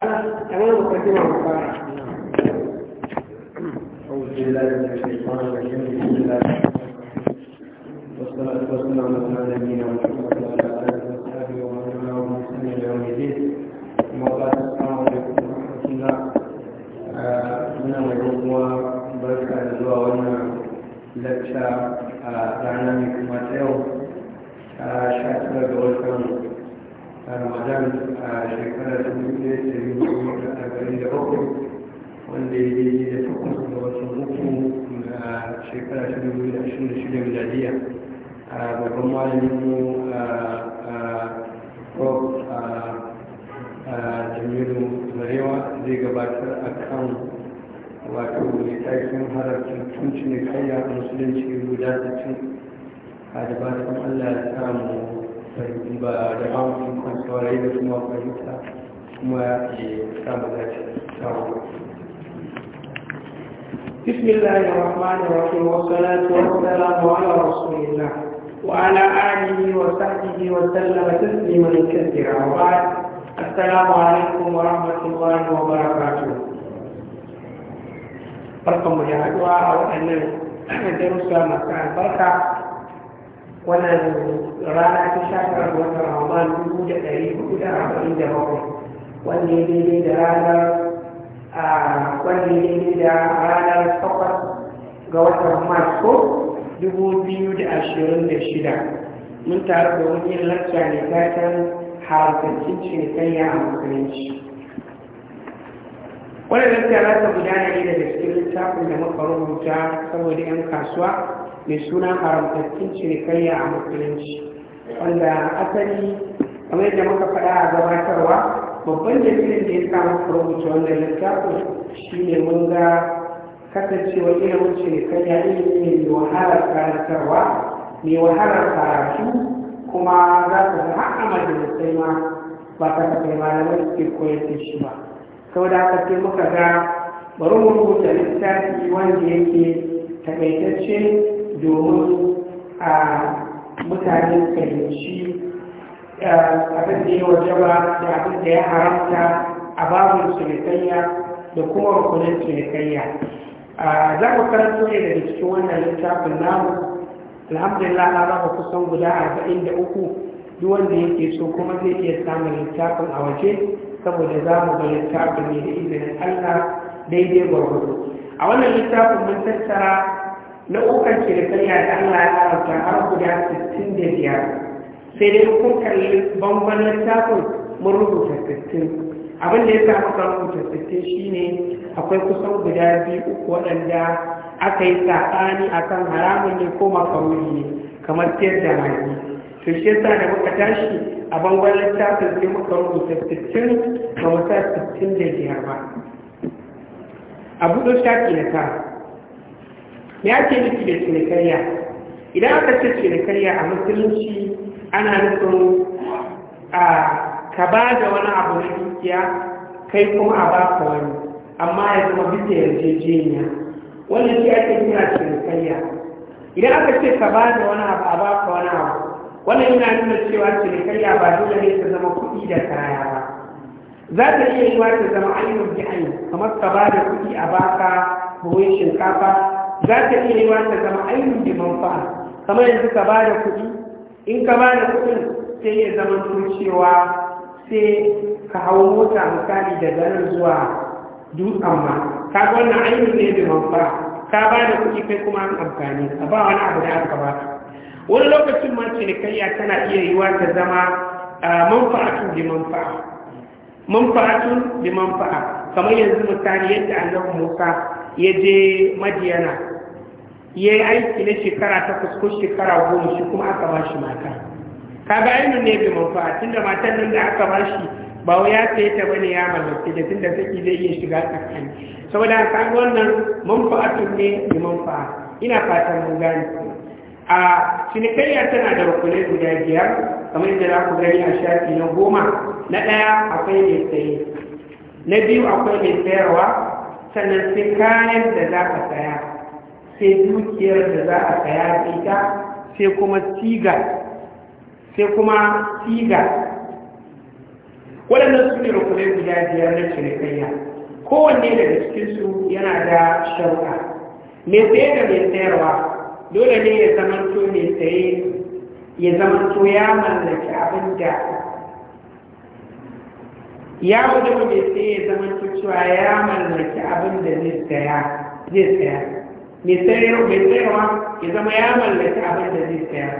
تمام مقدمة أعوذ بالله من الشيطان الرجيم بسم الله والصلاة والسلام على نبينا محمد وعلى آله وصحبه ومن والاه ومن إلى يوم الدين أما بعد السلام ورحمة الله muna mai kuma barka da zuwa wannan lacca a ranar mai kuma ta yau a sha ga watan a ramadan a shekara ta dubu ɗaya da yi kuma da arba'in da bakwai wanda ya yi da takwas da wasu uku a shekara ta dubu da ashirin da shida miladiya a babban malamin mu a prof a jamilu zarewa zai gabatar a kan wato littafin harafin tuncin kayya musulunci guda da 60 a da ba Allah ya samu بسم الله الرحمن الرحيم والصلاة والسلام على رسول الله وعلى آله وصحبه وسلم تسليما كثيرا وبعد السلام عليكم ورحمة الله وبركاته barkan يا أدواء أو أن waɗannan مكان masu wannan rana ta sha wata watan ramadan dubu da ɗari hudu da arba'in da bakwai wanda ya daidai da ranar wanda ya daidai da ranar takwas ga watan mars ko dubu biyu da ashirin da shida mun taru da wani lacca ne taken harkacin cinikayya a musulunci wannan lacca za ta gudana ne daga cikin littafin da muka rubuta saboda 'yan kasuwa mai suna haramtattun cinikayya a musulunci wanda asali kamar da muka faɗa a gabatarwa babban dalilin da ya samu rubuta wannan littafin shi ne mun ga kasancewar ilimin cinikayya ilimi ne mai wahalar karantarwa mai wahalar karatu kuma za ka ga har a majalisai ma ba ka kai malamai suke koyar da shi ba da aka sai muka ga bari mu rubuta littafi wanda yake takaitacce domin a mutane fahimci abin da ya wajaba da abin da ya haramta a babin cinikayya da kuma rukunin cinikayya za ku karanto ne daga cikin wannan littafin namu alhamdulillah na raba kusan guda arba'in da uku duk wanda yake so kuma zai iya samun littafin a waje saboda za mu ga littafin ne da izinin allah daidai gwargwado a wannan littafin mun tattara na ukan cinikayya da da Allah ya karanta har guda 65 sai dai kun kalli bamban littafin mun rubuta 60 abin da ya sa muka rubuta 60 shine akwai kusan guda biyu uku waɗanda aka yi saɓani a kan haramun ne ko makaroni ne kamar siyar da magi to shi yasa da muka tashi a bangon littafin sai muka rubuta 60 ba mu sa 65 ba abu da shafi na tara Ya ce nufi da cinikayya idan aka ce cinikayya a musulunci ana nufin a ka ba da wani abu na dukiya kai kuma a ba ka wani amma ya zama bisa yarjejeniya wannan shi ake kira cinikayya idan aka ce ka ba da wani abu a ba ka wani abu wannan yana nuna cewa cinikayya ba dole ne ta zama kuɗi da kaya ba za ta iya yiwa ta zama ainihin bi'ayi kamar ka ba da kuɗi a baka buhun shinkafa za ta iya yi ta zama ainihin da manfa'a kamar yanzu ka ba da kuɗi in ka ba da kuɗin sai ya zama cewa sai ka hau mota misali da nan zuwa dutsen ma ka ga wannan ainihin ne da manfa'a ka ba da kuɗi kai kuma an amfani a ba wani abu da aka ba wani lokacin ma cinikayya tana iya yiwa ta zama manfa'atun da manfa'a manfa'atun da manfa'a kamar yanzu misali yadda annabi Musa ya je Madiyana ya yi aiki na shekara takwas ko shekara goma shi kuma aka ba shi mata kaga ainihin ne bai manfa'a tunda matan nan da aka ba shi ba wai ya sai ta bane ya mallake da tunda saki zai iya shiga tsakani saboda haka wannan manfa'atun ne bi manfa ina fatan mun gane a cinikayya tana da rukunai guda biyar kamar yadda za ku gani a shafi na goma na ɗaya akwai mai saye na biyu akwai mai sayarwa sannan sai kayan da za ka saya sai dukiyar da za a saya ita sai kuma siga sai kuma siga waɗannan su ne rukunai guda biyar na cinikayya kowanne daga cikinsu yana da shauka mai saye da mai sayarwa dole ne ya zama to mai saye ya zama to ya mallaki abin da ya wajen mai saye ya zama to cewa ya mallaki abin da zai saya mai sayarwa ma sayarwa ya zama ya mallaki abin da zai sayar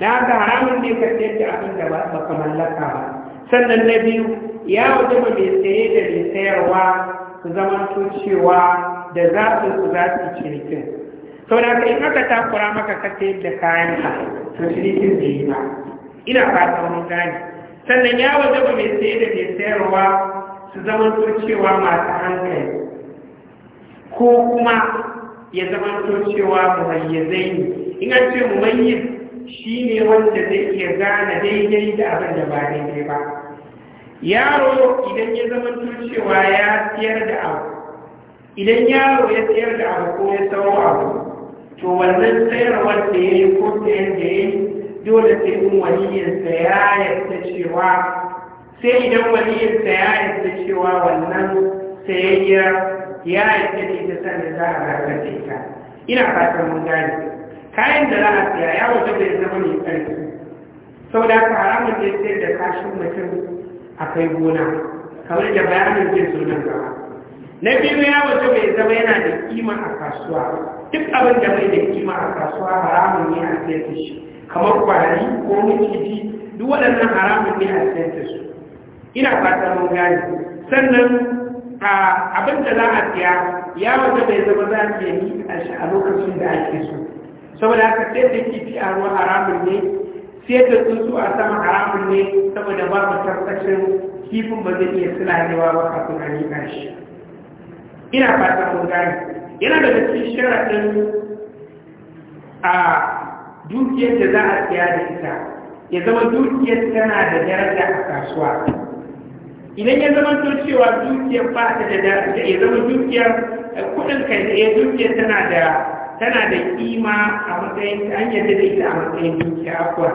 da haka haramun ne ka ce da abin da ba ka mallaka ba sannan na biyu ya ma mai saye da mai sayarwa su zama to cewa da za su su za su cinikin to da in aka takura maka ka ce da kayan ka to cinikin bai yi ba ina fata wani gani sannan ya ma mai saye da mai sayarwa su zama to cewa masu hankali ko kuma ya zama to cewa muhayyazai ne in an ce mumayyiz shi ne wanda zai iya gane daidai da abin da ba daidai ba yaro idan ya zama to cewa ya siyar da abu idan yaro ya siyar da abu ko ya sauro abu to wannan sayarwar da ya yi ko sayan da ya yi dole sai in waliyinsa ya yarda cewa sai idan waliyinsa ya yarda cewa wannan tsayayyar. ya yadda da ta sannan za a zaɓar da ita ina fatan mun gani kayan da za a siya ya wajen da ya zama mai ƙarfi sau da haka haramun da ya sayar da kashin mutum a kai gona kamar da bayanin zai zo nan gaba na biyu ya waje mai zama yana da kima a kasuwa duk abin da mai da kima a kasuwa haramun ne a sayar da shi kamar kwari, ko miciji duk waɗannan haramun ne a sayar da su ina fatan mun gani sannan abin da za a siya ya wata bai zama za a iya yi a lokacin da ake so saboda haka sai da kifi a ruwa haramun ne sai da tsuntsu a sama haramun ne saboda babu tabbacin kifin ba zai iya silayewa ba kafin a shi ina fata mun gani yana da cikin sharaɗin a dukiyar da za a siya da ita ya zama dukiyar tana da daraja a kasuwa idan ya zama to cewa dukiyar ba ta da da ya zama dukiyar eh, kudin kai da ya eh, dukiyar tana da tana da kima a matsayin an yadda da ita a matsayin dukiya akwa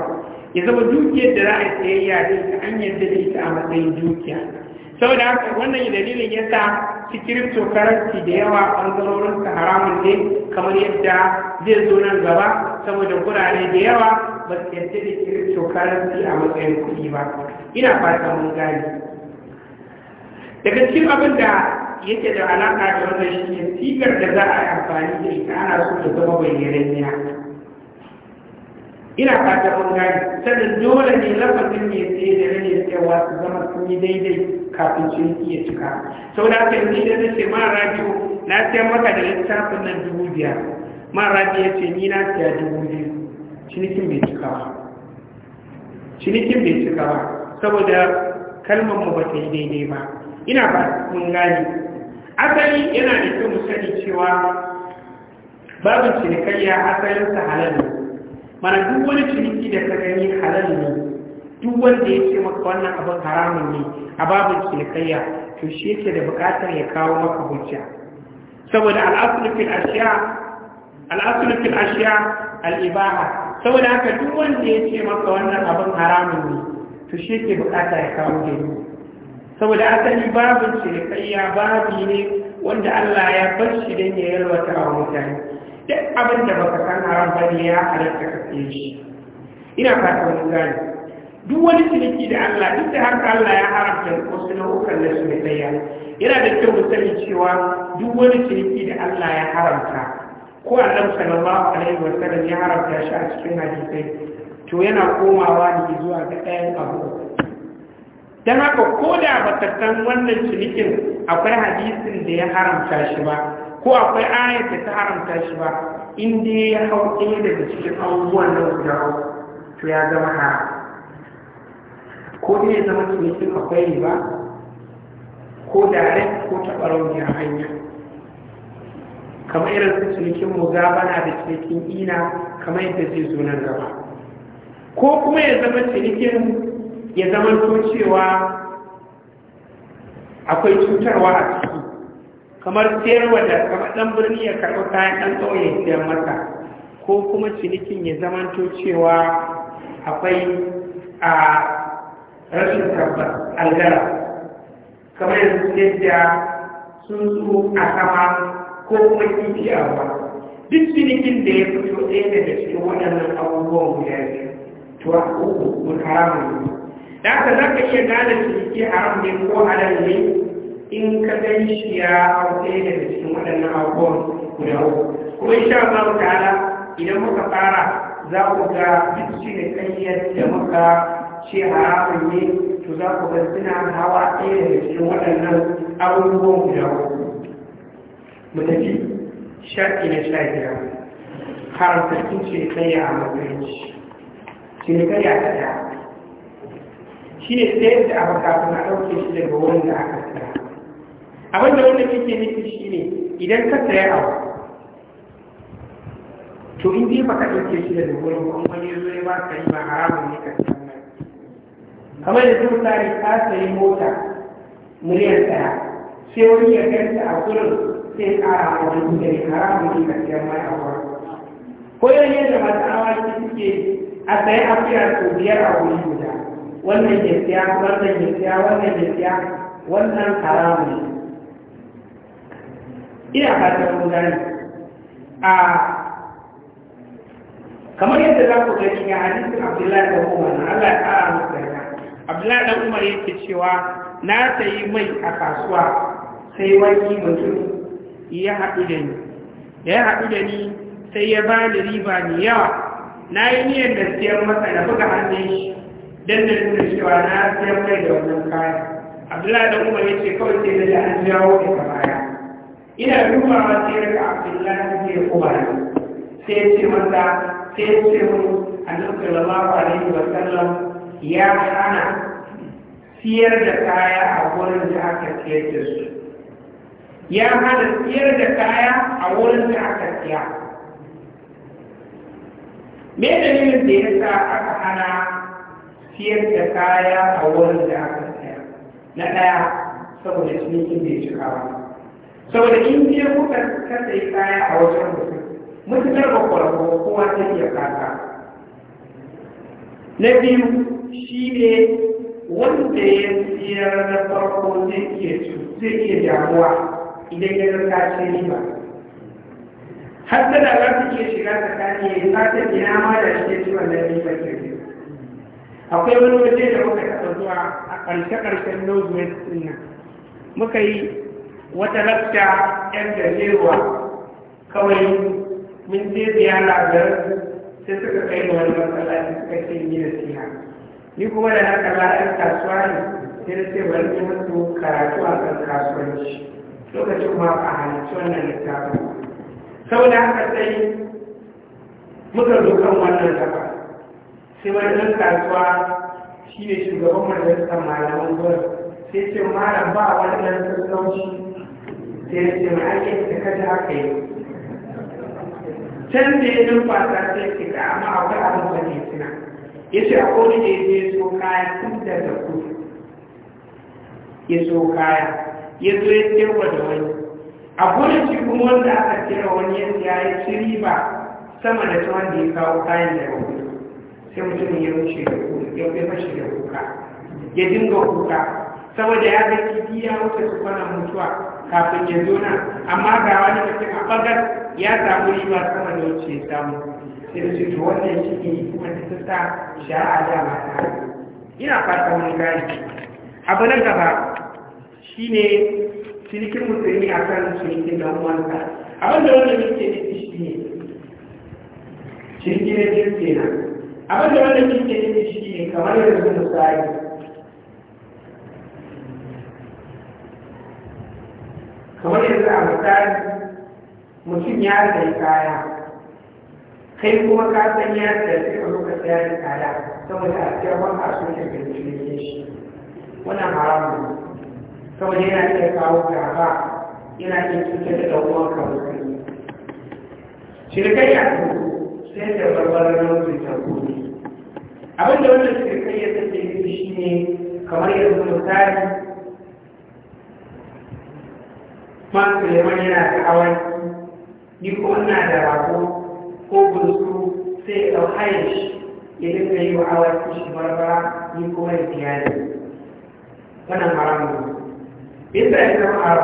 ya zama dukiyar da za a sayayya da ita an yadda da ita a matsayin dukiya saboda haka wannan dalilin ya sa su kirifto karanci da yawa ɓangarorin su haramun ne kamar yadda zai zo nan gaba saboda gurare da yawa ba su yadda da kirifto karanci a matsayin kuɗi ba ina fata mun gani daga cikin abin da yake da alaƙa da wannan shi ne sigar da za a yi amfani da ita ana so ta zama bayyanan ya ina fata mun gani sannan dole ne lafazin mai tsaye da rage tsayawa su zama sun yi daidai kafin sun iya cika sau da aka yi da na ce ma radiyo na siya maka da littafin nan dubu biyar ma radiyo ya ce ni na siya dubu biyu cinikin bai cika ba cinikin bai cika ba saboda kalmar mu ba ta yi daidai ba ina ba mun gani asali yana da kyau mu sani cewa babu cinikayya asalinsa halal ne mana duk wani ciniki da ka gani halal ne duk wanda ya ce maka wannan abin haramun ne a babin cinikayya to shi yake da buƙatar ya kawo maka hujja saboda al'asul fil ashiya ashiya al'ibaha saboda haka duk wanda ya ce maka wannan abin haramun ne to shi yake buƙatar ya kawo dalili saboda asali babin cinikayya babi ne wanda Allah ya bar shi don ya yalwata wa mutane duk abin da baka san haram ne ya halatta ka fiye shi ina fata wani gani duk wani ciniki da Allah duk da haka Allah ya haramta wasu nau'ukan na cinikayya yana da kyau mu cewa duk wani ciniki da Allah ya haramta ko Allah sallallahu alaihi wa sallam ya haramta shi a cikin hadisai to yana komawa ne zuwa ga ɗayan abu don haka ko da ba ta san wannan cinikin akwai hadisin da ya haramta shi ba ko akwai ayat da ta haramta shi ba in dai ya hau ɗaya daga cikin abubuwan nan guda to ya zama haram ko dai ya zama cinikin akwai riba ko da rai ko taɓa a hanya kamar irin su cinikin bana da cinikin ina kamar yadda zai zo nan gaba ko kuma ya zama cinikin ya zama cewa akwai cutarwa a ciki kamar siyarwa da kamar ɗan birni ya karɓi kayan ɗan ƙauye siyar mata ko kuma cinikin ya zama cewa akwai a rashin tabbas algara kamar yanzu siyar da zo a sama ko kuma kifi a ruwa duk cinikin da ya fito ɗaya daga cikin waɗannan abubuwan guda biyu to a uku mun haramun da haka za ka iya gane ciniki haram ne ko halal ne in ka gani shi ya hau ɗaya daga cikin waɗannan abubuwan guda uku kuma insha Allah ta'ala idan muka fara za ku ga duk shi da ƙayyar da muka ce haramun ne to za ku ga suna hawa ɗaya daga cikin waɗannan abubuwan guda uku mu tafi shaƙi na sha biyar haramtattun cinikayya a matsayin a ta ɗaya shi ne sayar da abu kafin a ɗauke shi daga wurin da aka saya abin da wanda kake nufi shi ne idan ka saya abu to in dai baka ɗauke shi daga wurin ba wani ya zo ya ba ka yi ba haramun ne ka saya mai kamar da zai misali ka sayi mota miliyan ɗaya sai wani ya ganta a gurin sai ƙara a wani gudare haramun ne ka saya mai a wurin ko yanayin da masu awaki suke a sayi afiya sau biyar a wuri guda wannan ya wannan ya wannan ya wannan wannan haramun ina fatan ku gani a kamar yadda za ku gani ga hadisin Abdullahi da Umar na Allah ya kara musu yarda Abdullahi da Umar yake cewa na sayi mai a kasuwa sai wani mutum ya haɗu da ni ya haɗu da ni sai ya bani riba mai yawa na yi niyyar da siyar masa da buga hannun shi dan da nuna cewa na siyan mai da wannan kayan. abdullahi da umar ya ce kawai sai na ji an jawo daga baya ina dubawa sai daga abdullahi ya umar sai ya ce masa sai ya ce mun annabi sallallahu alaihi wa sallam ya hana siyar da kaya a wurin da aka siyar da su ya hana siyar da kaya a wurin da aka siya me dalilin da ya sa aka hana siyar da kaya a wurin da aka saya na ɗaya saboda cinikin bai ci kawo saboda in je kuka yi kaya a wajen mutum mutukar ba kwarko kowa ta iya kaka na biyu shi ne wanda ya siyar na farko zai iya damuwa idan ya rika ce riba har da za su iya shiga tsakani ya yi fata ina ma da shi ne ciwon da riba ke akwai wani waje da muka taɓa zuwa a ƙarshe-ƙarshen northwest ɗin nan muka yi wata rafta yan gajeruwa kawai mun je ziyara da sai suka kai ni wani matsala suka ce ni da siya ni kuma da haka la'ayar kasuwa ne sai da ce bari ne mutu karatu a kan kasuwanci lokacin ma a halittu wannan littafin saboda haka sai muka zo kan wannan gaba sai wani ɗan kasuwa shi ne shugaban majalisar malaman gwar sai ce malam ba wani ɗan sassauci sai ya ce mai ake ta kaji haka yi can da ya ɗan fasa sai ke ga amma akwai abin da ke tuna ya ce a kone da ya je so kaya tun da da ku ya so kaya ya zo ya tsirwa da wani a gudun shi kuma wanda aka tsira wani ya yi shiri ba riba sama da ta wanda ya kawo kayan da ya sai mutum ya wuce da kuka ya bai mashi da kuka ya dinga kuka saboda ya ga kiti ya wuce su kwana mutuwa kafin ya zo nan amma ga wani mutum a bagar ya samu ba sama da wuce ya samu sai da ce to wannan shi ne kuma ta sa sha'a da mata ina fata wani gari. abu na gaba shi ne cinikin musulmi a kan cinikin dan uwansa abin da wannan yake nufi shi ne cinikin da jirgin kenan abin da wannan kike da shi ne kamar yanzu misali kamar yadda a misali mutum ya sai kaya kai kuma ka san ya sai sai ka zo ka saya da kaya saboda a cikin wani asusun da ke shi wannan haramu saboda yana iya kawo gaba yana iya cutar da ɗan kawo kai shirkayya sai da barbarar nau'in tabo abin da wanda suka kai ya tafi yanzu shi ne kamar yanzu misali man suleiman yana da awaki ni kuma ina da rago ko bunsu sai ya ɗau haya shi ya dinga yi wa awaki shi barbara ni kuma ya biya da wannan haramun yadda ya zama a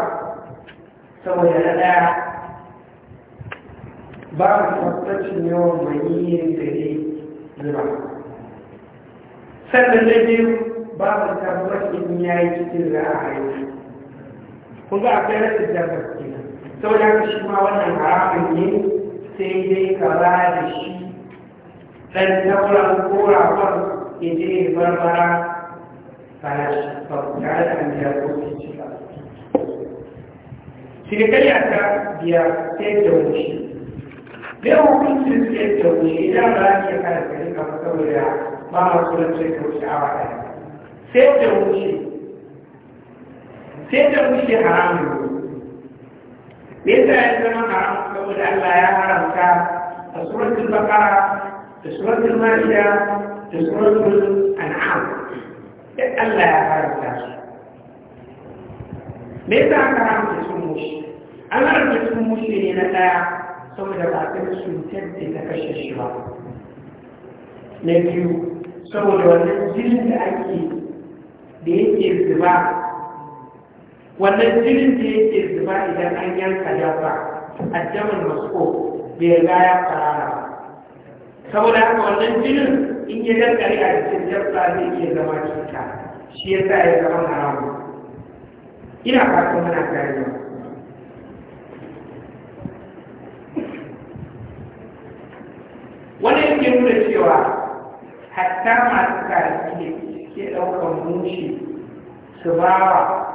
saboda na ɗaya babu tabbacin yawan maniyin da ne zuba sannan na biyu ba su babu tabbacin ya yi cikin ra'ayi kun ga akwai rashin tabbas kenan Sau da shi ma wannan haramun ne sai dai ka ba da shi dan tabbatar ko rafar ya je ya barbara farashi ba ku tare da an biya ko ke ci ba cinikayya ta biya sai da wuce da yawan sai da wuce idan ba za ka iya kare kare kamar saboda ba ma sunan ce ta wuce awa ɗaya sai ta wuce sai ta wuce haramun ne me yasa ya zama haram saboda Allah ya haramta a suratul baqara da suratul ma'ida da suratul an'am duk Allah ya haramta su me yasa aka haramta sun mushi an haramta sun mushi ne na ɗaya saboda ba a kan cutar da ta kashe shi ba na biyu saboda wannan jirin da ake da yake zuba wannan jirin da yake zuba idan an yanka dafa addaman masko bai ga ya fara saboda haka wannan jirin in ya dankare a cikin dafa zai iya zama cuta shi ya sa ya zama haramu ina fata mana gane wannan yake nuna cewa hatta masu karfi ne ke ɗaukar mushi su ba wa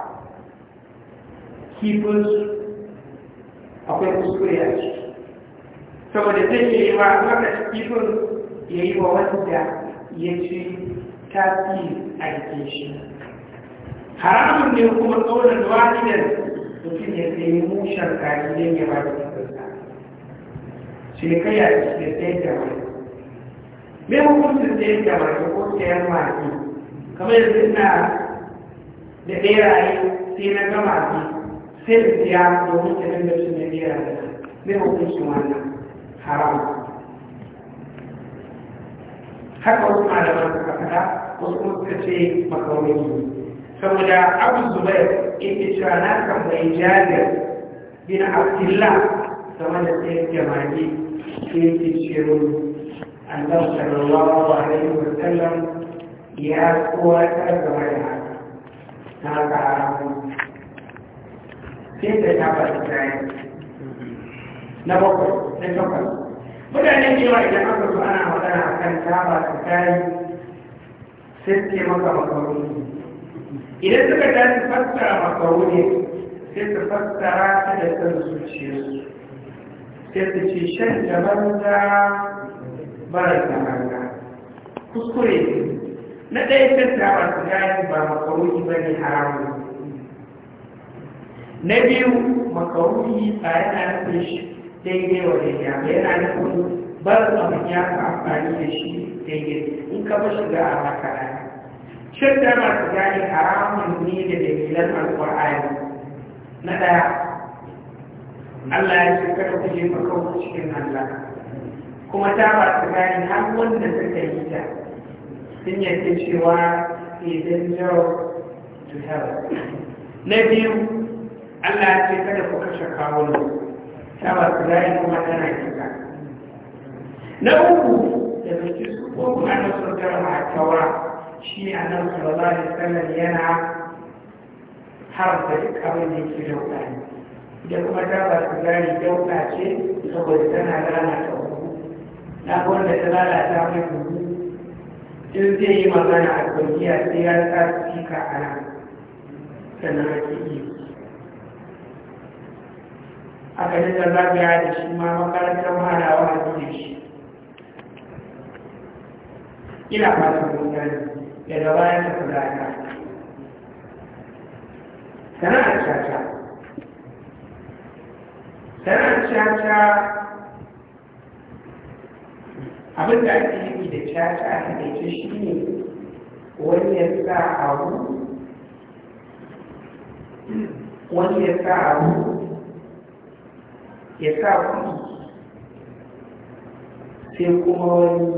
kifinsu akwai kuskure a ciki saboda zai iya yi a wanda kifin ya yi wa wanda ya ci tasiri a jikin shi haramun ne kuma ƙaunar wahidan mutum ya sayi mushen kaji don ya ba da kusurta shi ne kai a cikin sayar da wani me hukuncin da yake mai ko sayar maki kamar yanzu ina da beraye sai na gama ki sai da siya domin ta dinga cin ne beraye me hukuncin wannan haram haka wasu malaman suka fada wasu kuma suka ce makaroni saboda abu zubair yake cewa na kan mai jabir bin abdullah sama da sayar da mage sai yake ce annabi sallallahu alaihi wa sallam ya kowatar da wani na ga sai da ta ba ta na bakwai na takwas mutane cewa idan aka zo ana magana a kan ta ba kayi sai ce maka idan suka sai su fassara da sai su ce shan faranta hanga kuskure ne na ɗaya tattara su gani ba makaruni ba ne haramun na biyu makaruni ba yana nufin shi daidai wa daidai ba yana nufin barin abin ya fi amfani da shi daidai in ka ba shiga a haka shirka su gani haramun ne da dalilan alƙur'ani na ɗaya Allah ya ce kada ku jefa kawo cikin Allah kuma ta ba su gani har wanda suka yi ta sun yadda cewa a yau to hell na biyu allah ya ce kada ku kashe kawunan ta ba su gani kuma tana kika na uku da mai ko kuma na sun gama a taura shi a nan sallallahu alaihi wasallam yana haramta duk abin da yake dauka ne da kuma ta ba su gani dauka ce saboda tana lalata na da ta lalata mai gudu in zai yi magana a kwanciya sai ya sa fika a nan sannan ake iya a ganin da ku da shi ma makarantar hanawa a zuwa shi ina fata mun da daga bayan ta kula ta sana'ar caca sana'ar caca abin da ake yi da caca a taƙaice shi ne wani ya sa abu wani ya sa abu ya sa kuɗi sai kuma wani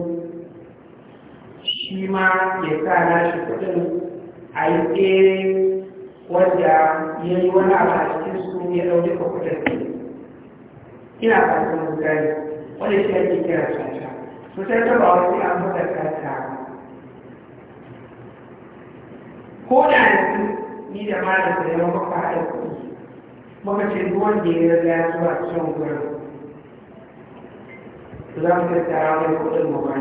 shi ma ya sa nashi kuɗin a yi tsere wanda ya yi wani abu a cikin su ya ɗauki kuɗin ina fatan mutane wani shi ake kira su fitar ba wasu ko yanzu da ce ya zuwa can gurin za mu tattara wani kuɗin mu ba ta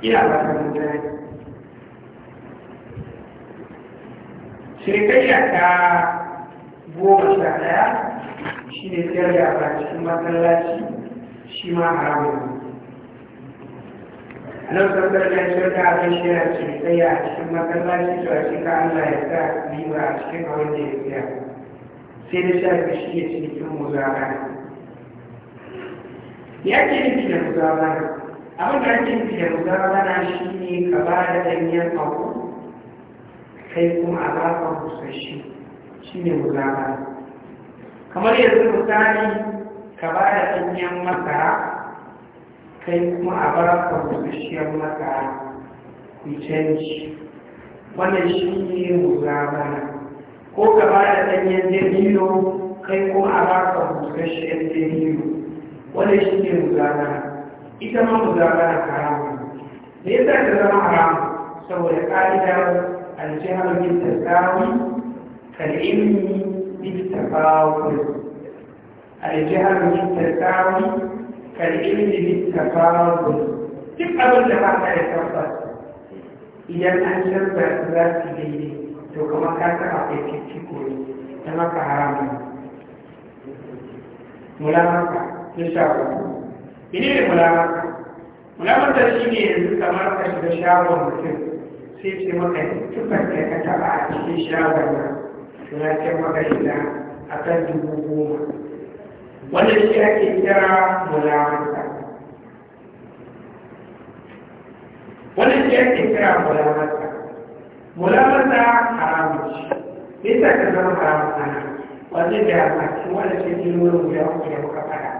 ina ba ta ɗaya shi ne siyar da a cikin masallaci shi ma haramun ne nan da ya shirka ta abin shi yana ce tsaye a cikin masallaci to a cikin allah ya sa riba a cikin abin da ya siya sai da shafi shi ne cikin muzaka ya ce nufi da muzaka abin da ake nufi da muzaka shi ne ka ba da ɗanyen kai kuma a ba ka busashi shi ne muzaka kamar yanzu misali ka ba da sanyin masara kai kuma a bar kwamfutashiyar masara ku canji wannan shi ne muzabana ko ka ba da sanyin dalilo kai kuma a ba kwamfutashiyar dalilo wannan shi ne muzabana ita ma karamu ne ya sa ta zama haramu saboda ƙa'idar aljihar mintar tasiri kal'ilmi بالتفاوت الجهل بالتساوي كالعلم بالتفاوت duk abin da ba ka da tabbas idan an canza za su daidai to kamar ka taɓa kai cikiko ne ta maka haramu mulamaka na sha uku ne mulamaka mulamaka shi ne yanzu kamar ka shiga shagon mutum sai ce maka dukkan da ka taɓa a cikin shagon nan na can maka shida a kan dubu goma wanda shi ake kira mulamata wannan shi ake kira mulamata mulamata haramu ce bisa ka zama haramu ana wanda ya a wanda wannan shi ne wurin guda kuma da muka fara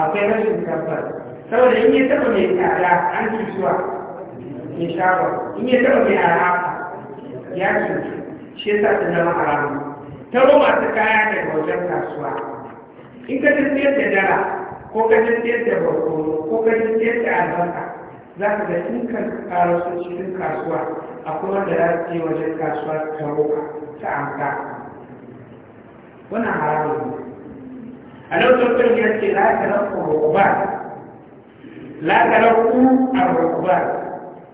akwai rashin tabbas saboda in yi taɓa mai tsada an ci zuwa in sha in yi taɓa mai arafa ya cutu shi ya sa sun zama haramu ta roma ta kaya daga wajen kasuwa in ka siyar da dala ko ka siyar da barkono ko ka siyar da albarka za ka ga in ka karo su cikin kasuwa akwai wanda za su je wajen kasuwa ta roma ta amsa wannan haramun ne a lokacin ya ce za ta rafu rukubar la ta rafu a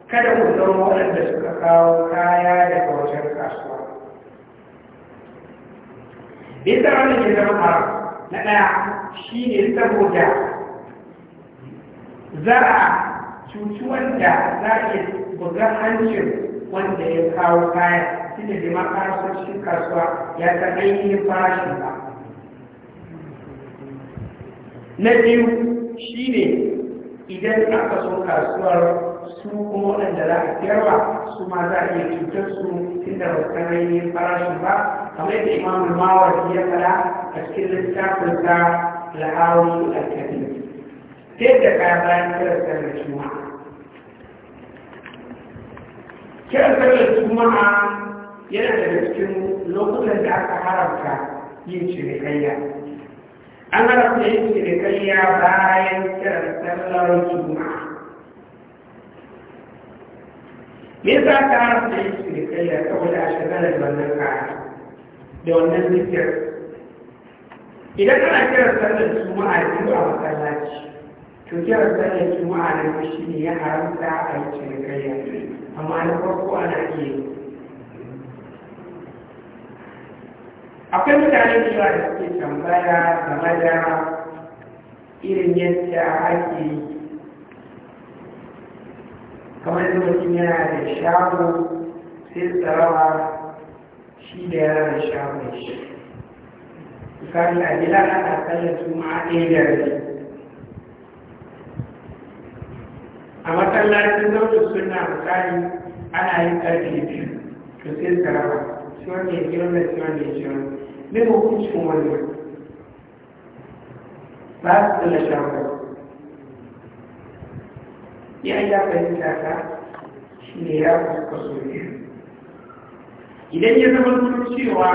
kada ku zama waɗanda suka kawo kaya daga wajen kasuwa bisa wani ke zama na ɗaya shi ne saboda za a cuci wanda za a buga hancin wanda ya kawo kaya tunda da ma kasuwancin kasuwa ya ta ainihin farashin ba na biyu shi ne idan aka so kasuwar su kuma waɗanda za a kyarwa su ma za a iya cutar su inda ba san ainihin farashin ba kamar yadda imam mawar ya faɗa a cikin littafin sa la'awun alkafi yadda ka kaya bayan kiran sallar juma'a kiran sallar juma'a yana da cikin lokutan da aka haramta yin kayya an haramta yin kayya bayan kiran sallar juma'a me yasa ka da yin cinikayya saboda a shagalar wannan kaya da wannan zikir idan ana su sallar juma'a biyu a masallaci to kiran sallar juma'a da biyu shi ne ya haramta a yi cinikayya amma na farko ana iya yi akwai mutane da yawa da suke tambaya game da irin yadda ake yi kamar yadda mutum yana da shago sai tsarawa shi da yana da shago shi misali a gida ana kalla su ma ɗaya da rai a masallacin zaune suna misali ana yin ƙarfe biyu to sai tsarawa su wani ya ji wanda shi wani ya ji wani ne cikin wani ba su kula shago in ya fahimta ka shi ne ya fuska so biyu idan ya zama kuma cewa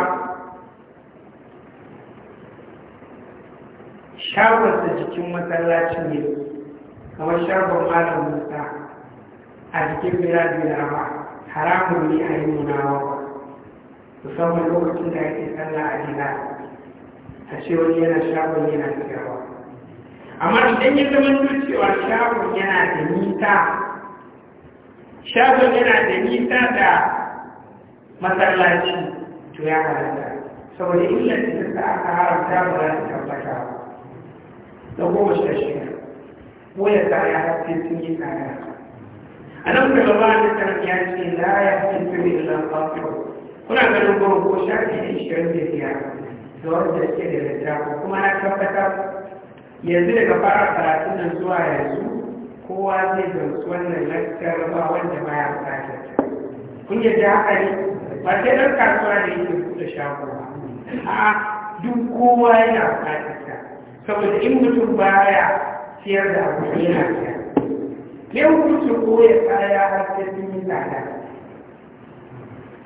shawarsa jikin matsalaci ne kamar shagon malam musa a jikin birabira ba haramun ne a yi munawa ba musamman lokacin da ya ke tsalla a gida a ce wani yana shagon yana tsayawa amma idan ya zama cewa shagon yana da nisa shagon yana da nisa da matsalaci to ya halatta saboda illar da ta aka haramta ba za ta tabbata da goma sha shida waya ta ya haske sun yi tsada a nan da gaba da tsarar ya ce la ya haske sun yi lalata kuna ganin goma ko sha biyu ishirin da biyar da wanda ke da littafi kuma na tabbata? yanzu daga fara karatun nan zuwa yanzu kowa zai gamsu wannan lantar ba wanda ba ya bukatar kun ya haka hakari ba sai ɗan kasuwa da yake da shago ba a'a duk kowa yana bukatar ta saboda in mutum baya siyar da abu yana siya ne hukuncin koya kaya har sai sun yi tsada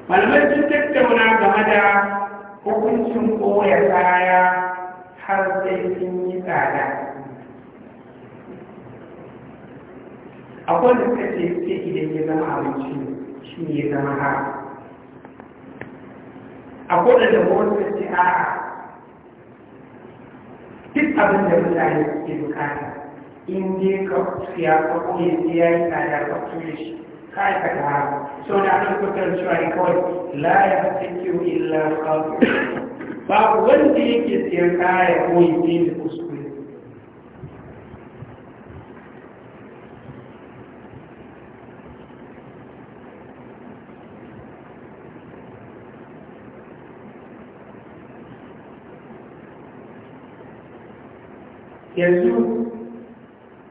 malamai sun tattauna game da hukuncin koya kaya har sai sun yi tsada akwai da suka ce sai idan ya zama abinci shi ne ya zama ha akwai da wanda ce a duk abin da mutane suke bukata in dai ka siya ka koyi sai ya yi tsada ka koyi shi ka aikata ha sau da aka kusa da kawai la ya fi illa kawai ba wanda yake siyan kaya ko yi da kuskure yanzu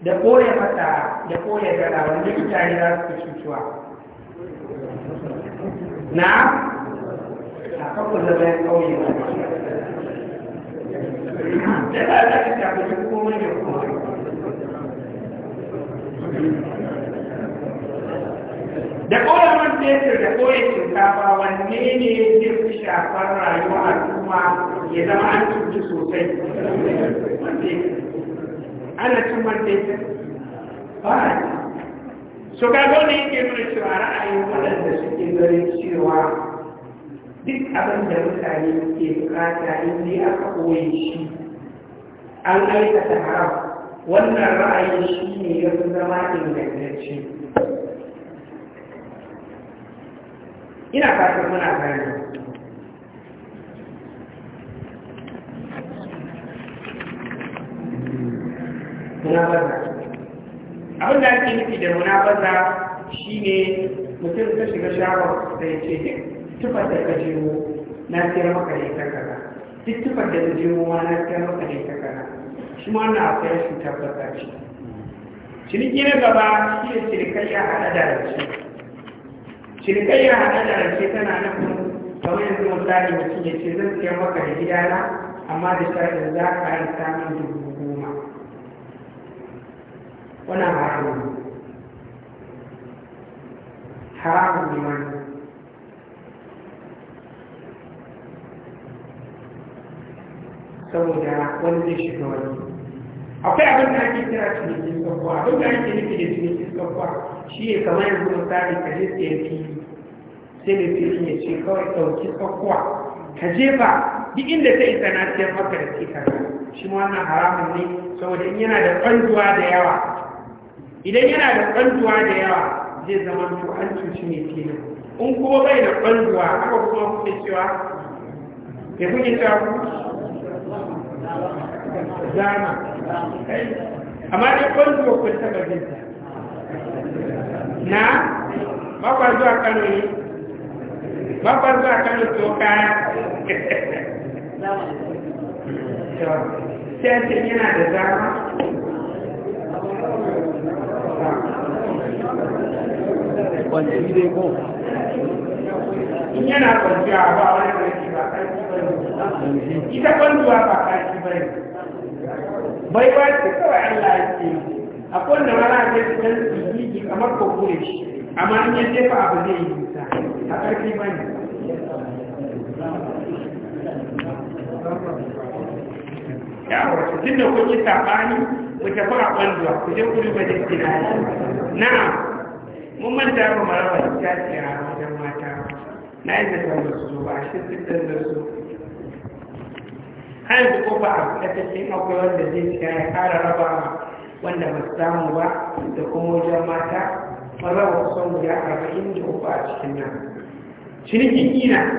da koya mata da koya gara wanda mutane za su cutuwa na kakon da bayan kauye ba da ba za ka da komai da kuma da kawai man fetur da kawai shinkafa wanne ne ya fi shafar rayuwa a kuma ya zama an cuci sosai ana cin man fetur ba a ci so ga zaune yake nuna cewa ra'ayin waɗanda suke ganin cewa duk abin da mutane ke bukata in dai aka koye shi an aikata haram wannan ra'ayin shi ne ya fi zama ingantacce ina fatan muna gani abin da ake nufi da munabaza shi ne mutum ta shiga shawar da ya ce tufar da ka jiwo na siyar maka ne ta na siyar maka ta shi wannan na gaba shi ne haɗa da rance haɗa da rance tana nufin kamar yanzu misali mutum ya ce zan siyar maka da gidana amma da za ka yi samun dubu goma haramun haramun ne wannan saboda wani zai shiga wani akwai abin da ake kira cinikin tsakuwa abin da ake nufi da cinikin tsakuwa shi ne kamar yanzu tsari ka je sayan fili sai da fili ya ce kawai ɗauki tsakuwa ka ba duk inda ta isa na siyan maka da ke kaza shi ma wannan haramun ne saboda in yana da ƙwanduwa da yawa idan yana da ƙwanduwa da yawa zai zama to an cuci mai filin in kuma bai da ƙwanduwa haka kuma kuke cewa ya kuke cewa dama amma da kwanci kun taɓa jinta na bakwa zuwa kano ne bakwa zuwa kano to kaya sai yana da dama in yana kwanciya ba wani ba ba ita kwanciwa ba kwanci ba bai ba ce kawai Allah ya ce a kowanne rana ce su ɗan tsibiki kamar kokure shi amma in ya jefa abu zai yi nisa a ƙarfi ba ne wasu tun da kuke saɓani ku tafi a ɓanduwa ku je kuri ba da kira na mun manta ba marawa ta ce a wajen mata na yi zata da ba shi sun da su har da kofa a buɗe ta ce akwai wanda zai shiga ya ƙara raba wanda ba su samu ba da kuma wajen mata maza ba kusan guda arba'in da uku a cikin nan cinikin ina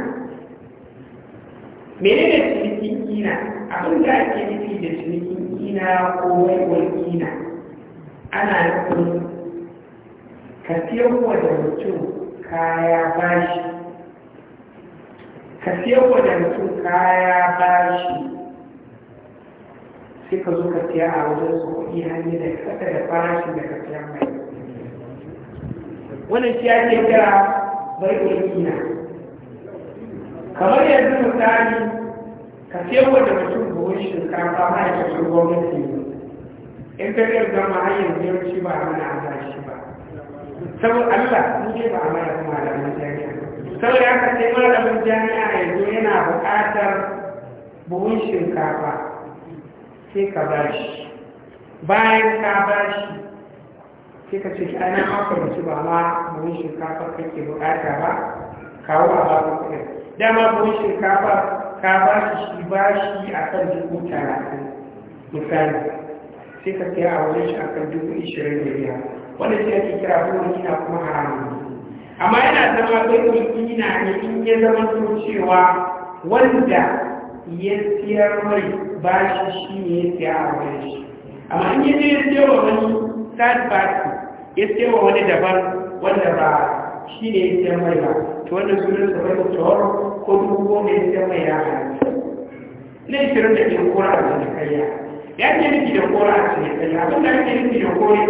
menene cinikin ina abin da ake nufi da cinikin ina ko waiwai ina ana nufin ka siyarwa da mutum kaya bashi ka siyarwa da mutum kaya bashi sai ka zo ka siya a wajen su kuɗi hanyar da kasa da farashin da ka siya mai wannan shi ake kira bai'ul kina kamar yanzu misali ka sewa da mutum buhun shinkafa ma'aikacin gwamnati ne in ka ɗin zama hanyar yawanci ba a mana shi ba saboda allah in dai ba a mana kuma malamin jami'a saboda haka sai malamin jami'a yanzu yana buƙatar buhun shinkafa sai ka ba shi bayan ka ba shi sai ka ce ainihin haka da ba ma buhun shinkafa kake bukata ba kawo a ba kuɗin dama buhun shinkafa ka ba shi shi ba shi a kan dubu talatin misali sai ka kira a wurin shi a kan dubu ishirin da biyar wanda sai ake kira buhun yana kuma haramun amma yana zama bai ina ne in ya zama cewa wanda ya siyar mai bashi shi ne ya siya a wani shi amma in yaje ya siya wa wani third party ya siya wa wani daban wanda ba shi ne ya siya mai ba to wanda sunan sa bai tsohon ko dubu goma ya siya mai ya halatta laifin da ke kora a cinikayya ya ke nufi da kora a cinikayya abin da ake nufi da kore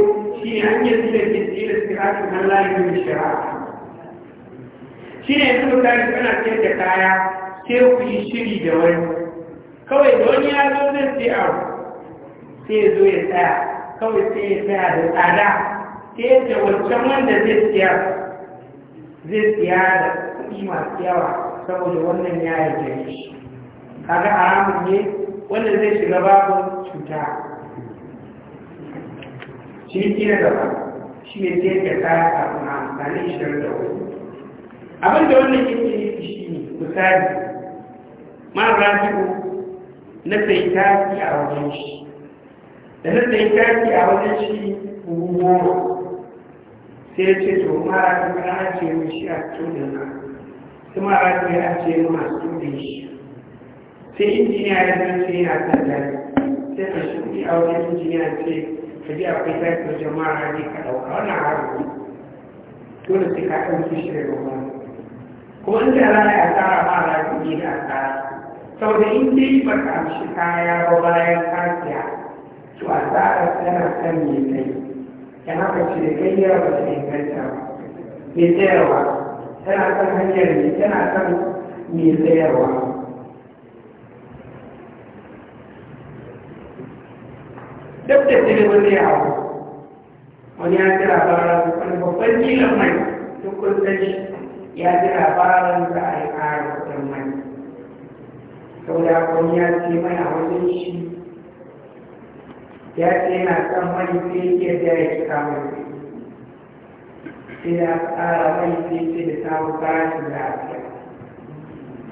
shi ne an yi da ke tsira sirafin Allah ya yi shara shi ne yanzu mutane suna siyar da kaya sai ku yi shiri da wani kawai da wani ya zo zai sai abu sai ya zo ya tsaya kawai sai ya tsaya da tsada sai yadda wancan wanda zai siya zai siya da kuɗi masu yawa saboda wannan ya yarda shi kaga haramun ne wanda zai shiga babu cuta ciniki na gaba shi ne sai ya kaya kafin a amfani shirin da wani abin da wannan yake nufi shi ne misali ma rafi'u na sai a wajen shi da na sai a wajen shi buhu goma sai ce to ma rafi'u ana ce mu shi a tudun na kuma rafi'u ya ce mu a tudun shi sai injiniya ya zai ce yana kan daji sai ka shi kuɗi a wajen injiniya ce ka ji akwai taki wajen ma rafi'u ka ɗauka wannan harin dole sai ka ɗauki shi daga wani kuma in da rana ya tsara ma rafi'u ne da a tsara saboda in dai ba ka amshi kaya ba bayan ka siya to a tsara tana kan mai kai ya haka ce da kai yawa ba ta inganta ba mai tsayarwa tana kan hanyar mai tana kan mai tsayarwa duk da sai wani ya hau wani ya ji labarin wani babban jilan mai duk kun ya ji labarin za a yi ƙara kuɗin mai saboda wani ya ce mana a wajen shi ya ce yana son mai sai ya da ya kika mai sai ya tsara mai sai da samu kara da afiya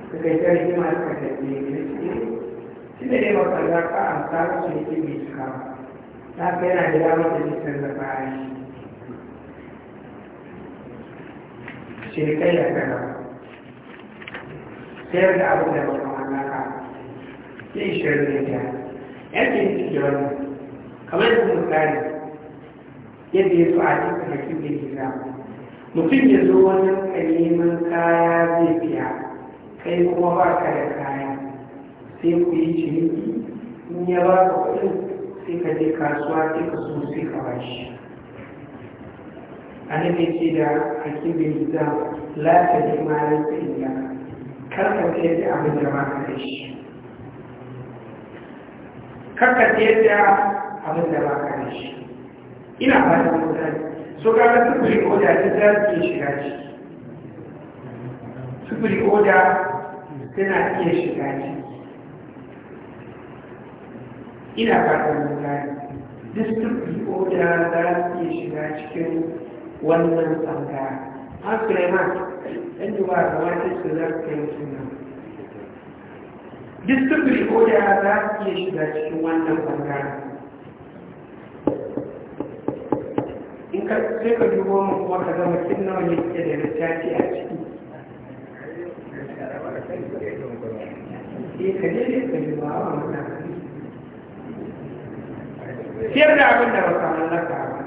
suka yi tare jima suka tafi ne shi da ne kaza ka an tsara su yake mai cika ta ka yana da damar da jikin da bayan shi shirkai da kana da abin da ba zai shirin da yadda yake ke kamar yadda mu tsari yadda ya so a cikin hakim da ke za mutum ya zo wani kalimin kaya zai fiya, kai kuma ba ka da kaya sai ku yi ciniki in ya ba ka kuɗin sai ka je kasuwa sai ka so sai ka bashi annabi ce da hakim bin hizam la ta da malar kar ka kai da abin da ba ka kai shi kakka ce da abin da ba ka da shi ina ba da mutane so ka ga sufuri oda ta za ke shiga ciki sufuri oda tana iya shiga shi? ina ba da mutane duk sufuri oda za su iya shiga cikin wannan tsanga har suleiman ɗan duba da wata su za su kai mutum nan ko order za su iya shiga cikin wannan bangaren in ka sai ka dubo mu kuma ka zama kin nawa ne ke da littafi a ciki eh ka ne ka yi ba wa mutane siyar da abin da ba ka mallaka ba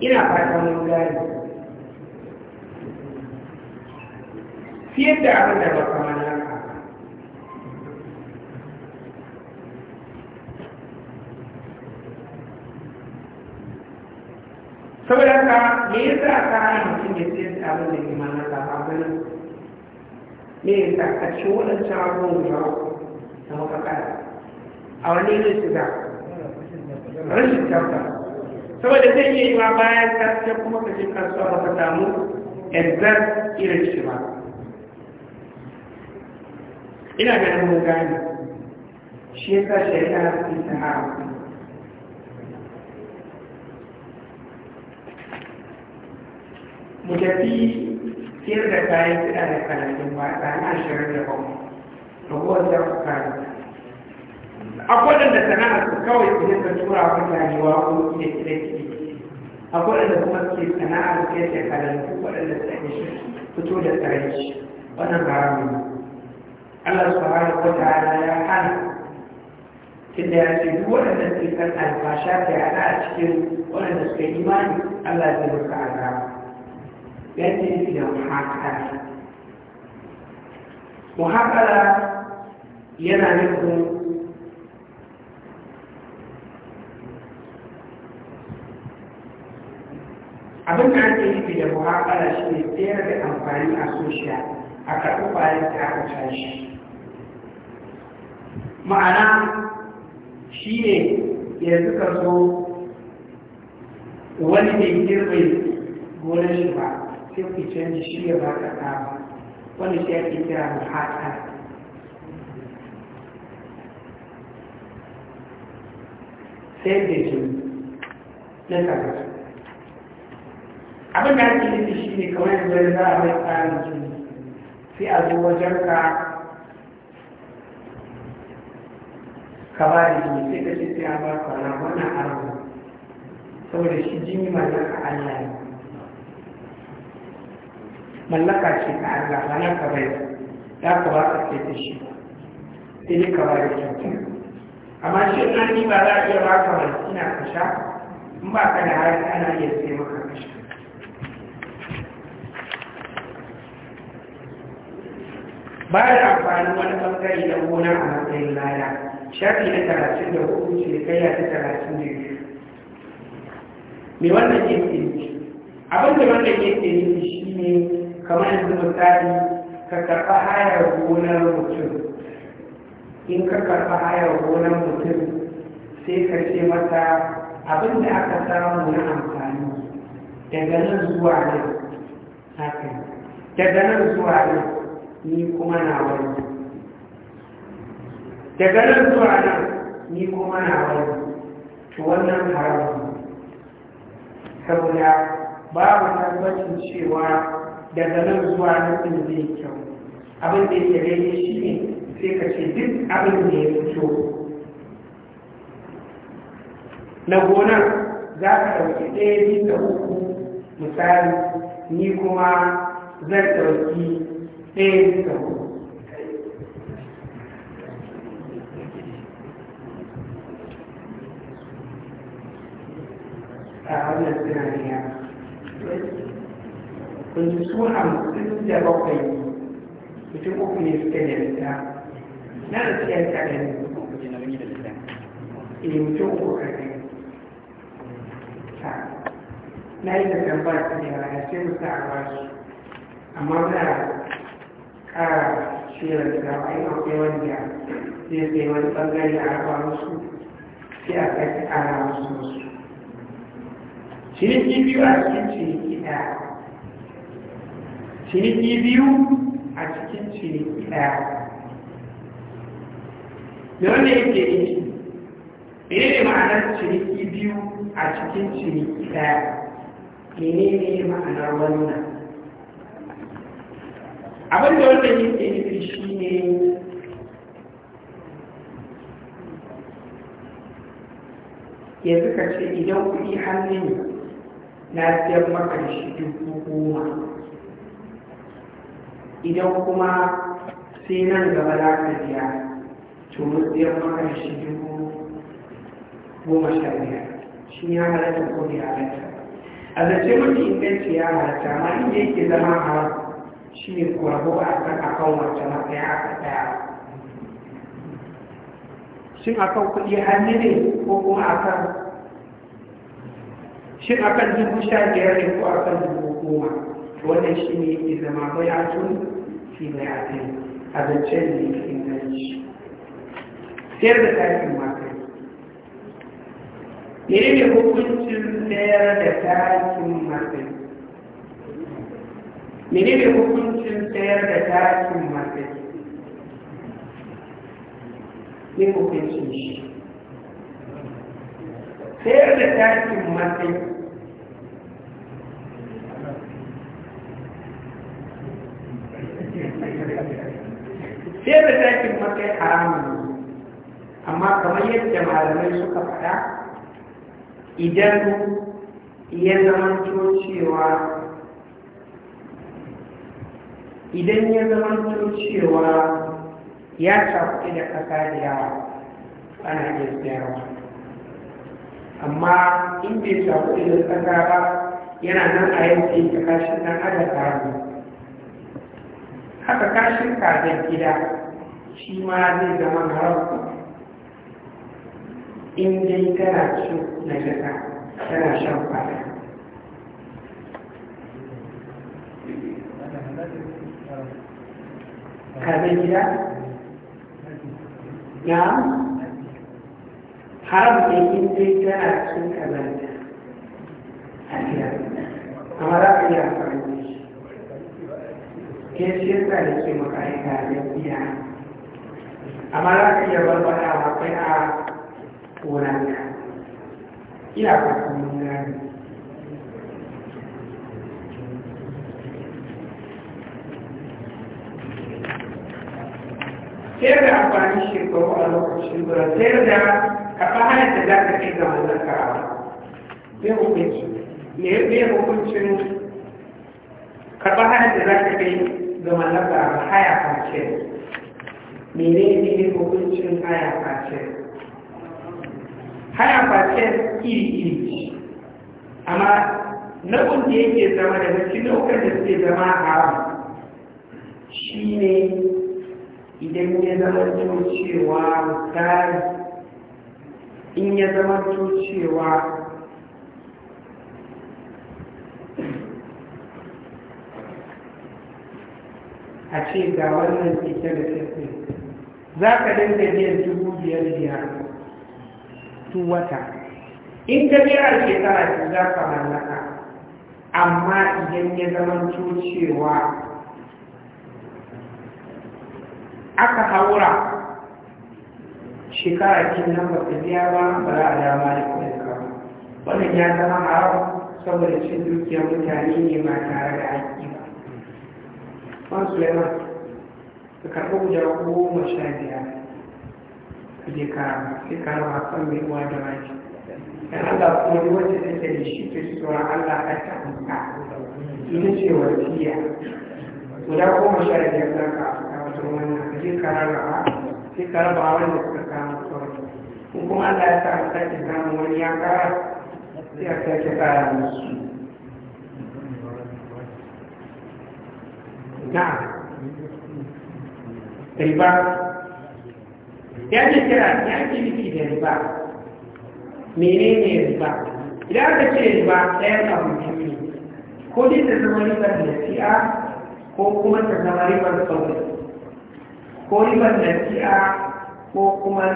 ina fata mun gari. siyar da abin da ba ka mallaka saboda haka me yasa ka hana mutum ya sayar da abin da ke mana ta ganin me yasa a cikin waɗancan abubuwan guda uku da muka kara a wani ne shiga rashin tabbas saboda zai iya yi ma bayan ta kuma ka je kasuwa ba ka samu exact irin shi ba ina ganin mun gane shi yasa shari'a ta haram mu tafi siyar da kayan kiɗa da karatun ba a na ashirin da bakwai raguwar za ku kare akwai waɗanda sana'a su kawai su dinga tura mutane wa ko ke kiɗa kiɗi akwai waɗanda kuma suke sana'a su kai da karatun waɗanda su ake shi fito da tsaraici wannan haramun Allah subhanahu wa ta'ala ya hana tunda ya ce duk waɗanda suke kan alfasha ta yana a cikin waɗanda suka imani Allah zai maka yadda yake da muhakala muhakala yana nufin abin da ake nufi da muhakala shi ne tsayar da amfani a soshiya a karɓi bayan da aka tashi ma'ana shi ne yanzu ka zo wani mai girbe gonar shi ba sai ku canji shi ya ba ka ɗawa wanda shi ake kira mu muhaka sai da shi na sabata abin da ake nufi shi ne kamar yanzu wani za a mai tsarin jini sai a zo wajen ka ka ba da jini sai ka ce sai a ba ka wannan aron saboda shi jini mai zaka Allah ne mallaka ce ta Allah ba na ka bai ba za ka ba ka ce ta shi ba sai ne ka ba da kyauta amma shi na ni ba za a iya ba ka malakina ka sha in ba ka da hari ana iya sai maka ka sha ba da amfani wani bangare da gona a matsayin laya shafi na talatin da hudu ce kai ya ta talatin da biyu me wannan ke tsini abin da wannan ke tsini shi ne kamar yanzu misali ka karɓa hayar gonar mutum in ka karɓa hayar gonar mutum sai ka ce mata abin da aka samu na amfani daga nan zuwa nan daga nan zuwa ne ni kuma na wani daga nan zuwa nan ni kuma na wani to wannan haramun saboda babu tabbacin cewa daga nan zuwa nan zai kyau abin da yake daidai shi ne sai ka ce duk abin da ya fito na gona za ka ɗauki ɗaya da uku misali ni kuma zan ɗauki ɗaya da uku a wannan tunaniya kun su hamsin da bakwai mutum uku ne suka yarda na da suka yarda da ne eh mutum uku ka kai na yi da tambaya ta yawa ya ce a ba su amma muna ƙara shirin da wa'in akwai wanda zai sai wani ɓangare a raba musu sai a kai ƙara musu musu ciniki biyu a cikin ciniki ɗaya ciniki biyu a cikin ciniki ɗaya da yake yi mene ne ma'anar ciniki biyu a cikin ciniki ɗaya mene ne ma'anar wannan abin da wannan yake nufi shi ne yanzu ka ce idan kuɗi hannun na siyan maka shi duk goma idan kuma sai nan gaba za ka biya to mutsiyar da shi dubu goma sha biyar shi ya halatta ko ya halatta a zace mafi inganci ya halatta amma inda yake zama haram shi ne kwarbo a kan akan wacce matsaya aka ɗaya shin akan kuɗi hannu ne ko kuma akan shin akan dubu sha biyar ne ko akan dubu goma wannan shi ne ke zama bayatun fi bayatai a zancen da yake inganci sayar da takin makai ne hukuncin sayar da takin makai mene ne hukuncin sayar da takin makai ne hukuncin shi sayar da takin makai ɗaya takin matsayin haramun amma kamar yadda malamai suka faɗa idan ya zama cewa idan ya zama cewa ya shafi da ƙasa da yawa ana iya siyarwa amma in bai shafi da ƙasa ba yana nan a yankin ta kashin ɗan adam haka kashi kazan gida shi ma zai zama haramku in dai kana cin na jaka kana shan fara. kazan gida ya? haram ne in dai kana cin kazanta a gida amma za ka iya amfani da shi sai shi yasa da ke makaranta da biya amma za ka iya barbara akwai a ƙoranta ina kwakwani rani sayar da amfani shekaru a lokacin gura sayar da ka hanyar da za ka kai ga mallakawa zai hukunci ne hukuncin kafa hanyar da za ka kai ga mallaka haya kace mene ne ne hukuncin haya kace haya kace iri iri amma na da yake zama da cikin nau'in da suke zama haram shi ne idan ya zama cewa misali in ya zama cewa a ce ga wannan keke da keke za ka dinga biyan dubu biyar biyar duk wata in ka biya shekara ta za ka mallaka amma idan ya zama cewa aka haura shekara ce nan ba ta biya ba ba za a dama da kuɗinka ba wannan ya zama haram saboda cin dukiyar mutane ne ba tare da haƙƙi ba wani suleiman ka karɓi guda goma sha biyar kaje je ka sai ka raba kan mai uwa da maki dan Allah kuma duk wacce take da shi ta ci tsoron Allah ka ta amsa ita ce wasiya guda goma sha biyar za ka amsa wata wannan ka je ka raba sai ka raba wanda suka kama tsoron kuma Allah ya sa ka sake samun wani ya kara sai a sake kara musu na'am riba ya ce ya ce nufi da riba menene riba idan aka ce riba ɗayan abu biyu ne ko dai ta zama ribar nasi'a ko kuma ta zama ribar ko ko kuma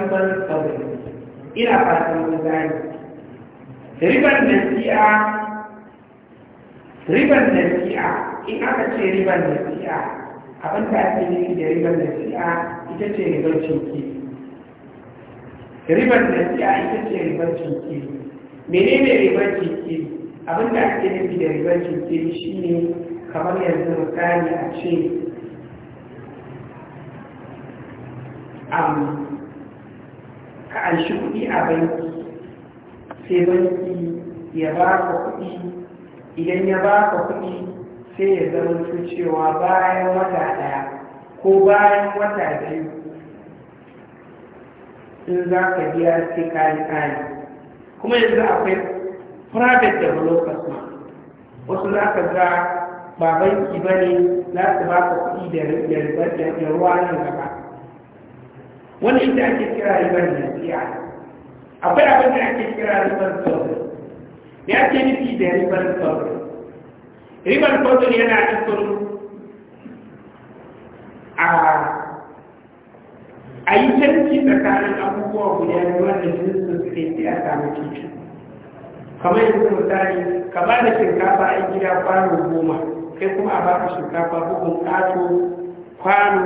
ina riban nasi'a in aka ce riban nasi'a abin da ake yi da riban nasi'a ita ce ribar cinki riban nasi'a ita ce ribar cinki menene ribar cinki abin da ake yi da ribar cinki ne kamar yanzu misali a ce ka an shi kuɗi a banki sai banki ya ba ka kuɗi idan ya ba ka kuɗi sai ya zama cewa bayan wata ɗaya ko bayan wata biyu in za ka biya sai kayi kayi kuma yanzu akwai private developers ma wasu za ka za ba banki ba ne za su ba ka kuɗi da ruwa nan gaba wani inda ake kira ribar nasiya akwai abin da ake kira ribar sauran ya ce niki da ribar fadl ribar fadl yana nufin a yi canci tsakanin abubuwa guda biyu wanda jinsin suka yi sai a samu cikin kamar yanzu misali ka ba da shinkafa a gida kwano goma kai kuma a baka shinkafa bugun kato kwano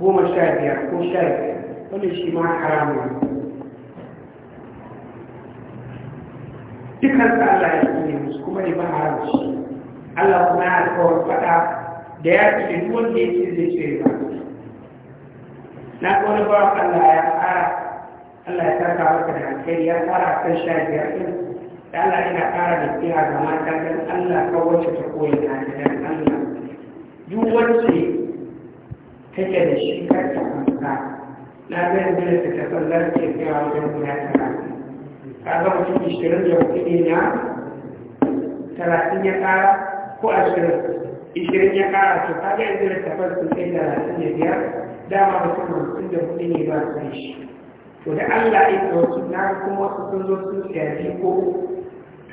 goma sha biyar ko sha biyar wani shi ma haramun dukkan ka Allah ya tsine musu kuma ne ba haramci Allah kuma ya alƙawarin fada da ya ce duk wanda ya ce zai ce ba na kawai ba Allah ya fara. Allah ya tarka maka da alkhairi ya fara kan sha biyar ɗin da Allah yana fara da tsira ga mata don Allah ka wacce ta koyi na da don Allah duk ta ke da shi kar ta na zai zai ta tsallar ke kai wajen gudanar da kaga mutum ishirin da kuɗi na talatin ya kara ko ashirin ishirin ya kara to kaga yanzu da tafar sun kai talatin da biyar dama mutum hamsin da kuɗi ne ba su shi to da Allah ya ga wasu na kuma wasu sun zo sun tsaya ko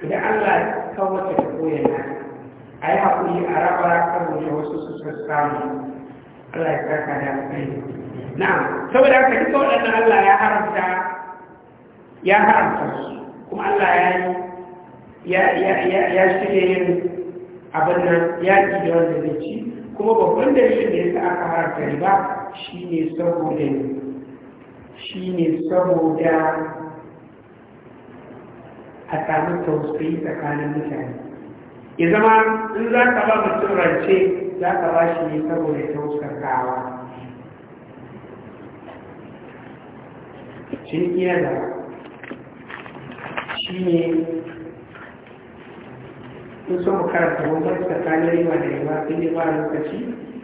to da Allah kan wata ta koya na a yi haƙuri a raba saboda wasu su samu. Allah ya saka da kai Na saboda haka duka waɗannan Allah ya haramta ya haramta su kuma Allah ya ya shirya yin abin nan ya ci da wanda zai ci kuma babban dalilin da ya sa aka haramta riba ne saboda ne saboda a samu tausayi tsakanin mutane ya zama in za ka ba mutum rance za ka ba shi ne saboda tausakawa ciniki na da shi ne in so mu karanta bambanci tsakanin riba da yawa sai dai ba lokaci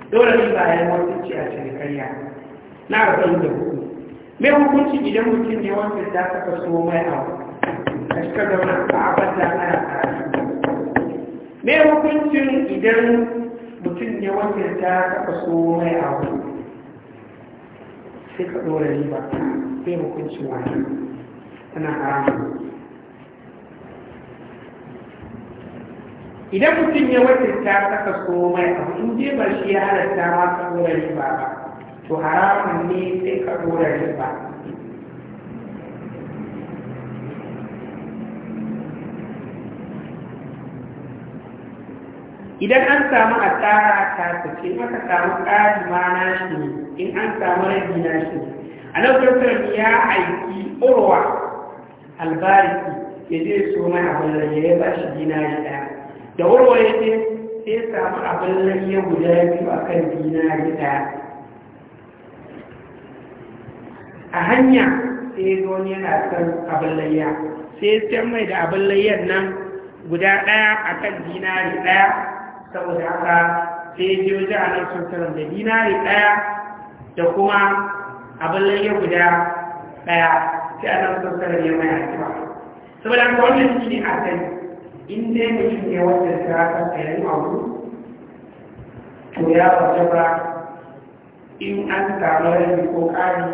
dole ba ya yi a cinikayya na arba'in da hudu mai hukunci idan mutum ne wanda za ka kaso mai abu a shi cikin zauna ba a bada a karatu mai hukuncin idan mutum ne wanda ta ka kaso mai a wani? sai ka ɗora riba sai hukuncin wani tana haramun idan mutum ya wakilta ta saka soma abu in je ba shi ya halatta ma ka dora riba ba to haramun ne sai ka dora riba idan an samu a tsara a kasa ce maka samu ƙari ma na shi ne in an samu rabi na shi ne a lokacin ya aiki urwa albariki ya je so mai abin da ya ba shi dinari ɗaya da warware ce sai samu abin lafiya guda biyu a kan dinari ɗaya a hanya sai zo ne yana son abin layya sai san mai da abin lafiya nan guda ɗaya a kan dinari ɗaya saboda haka sai ya ji a nan sun da dinari ɗaya da kuma abin layya guda ɗaya sai a nan sun ya mai a saboda haka wannan shi ne a sani in dai mutum ne wanda ta haka sayan abu to ya waje ba in an samu rabi ko ƙari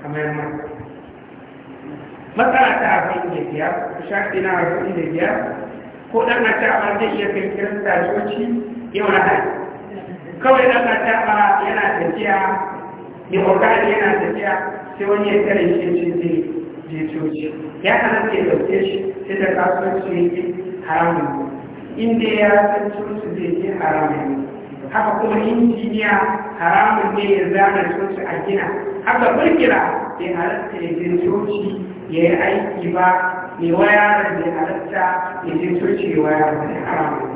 kamar ma matsala ta arba'in biya, ku sha ina arba'in da biya. ko ɗan a taɓa zai iya kai kiran tasoci yau na hari kawai ɗan a taɓa yana tafiya ne ƙoƙari yana tafiya sai wani ya tare shi ce zai je coci ya halatta ya ɗauke shi sai da kasuwanci yake haramun in inda ya san coci zai je haramun haka kuma injiniya haramun ne ya zana coci a gina haka birgira bai halatta ya je coci ya yi aiki ba mai waya da bai halatta ya je coci ya waya da haramun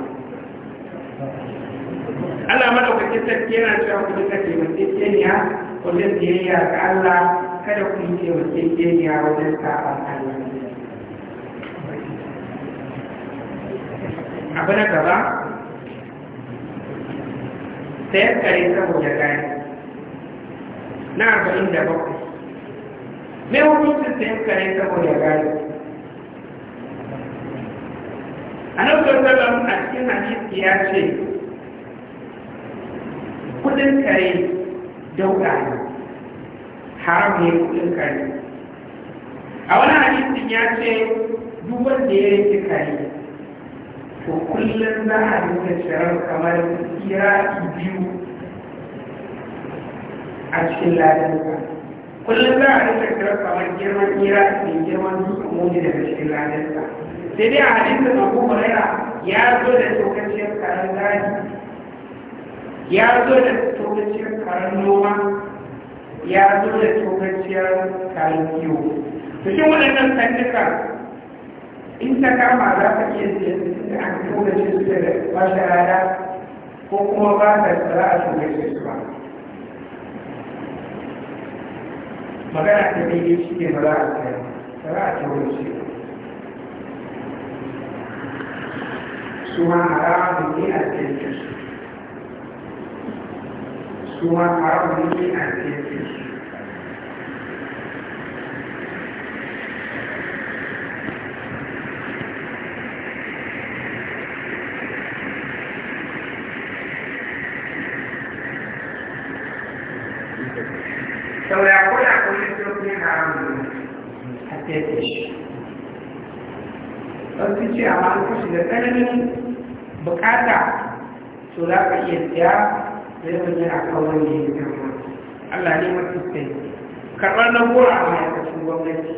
Allah madaukakin sarki yana cewa ku duka taimakekeniya wajen biyayya ga Allah kada ku yi taimakekeniya wajen sabon Allah abu na gaba sayar kare saboda gani na arba'in da bakwai mai hukuncin sayar kare saboda gani a nan gaggaban a cikin hadisi ya ce kudin kare dauka ne haram ne kudin kare a wani hadisin ya ce duk wanda ya rike kare to kullum za a nuna shirar kamar kira biyu a cikin ladansa kullum za a nuna shirar kamar girman kira mai girman dutsen muni daga cikin ladansa sai dai a hadisin abu huraira ya zo da tokaciyar karen daji ya zo da tokaciyar karen noma ya zo da tokaciyar karen kiwo cikin waɗannan sanduka in ta kama za ka iya siyan da aka shi da bashi rada ko kuma ba da tsara a shi su ba magana ta daidai shi ke ba a tsaya tsara a shi su ma haramun ne a cikin su su ma ne a cikin ya kashe wasu ce amma an kashe da tsananin bukata to za ka iya siya da yawan yana kawai da ya kama Allah ne masu sai karɓar na goro a ma'aikacin gwamnati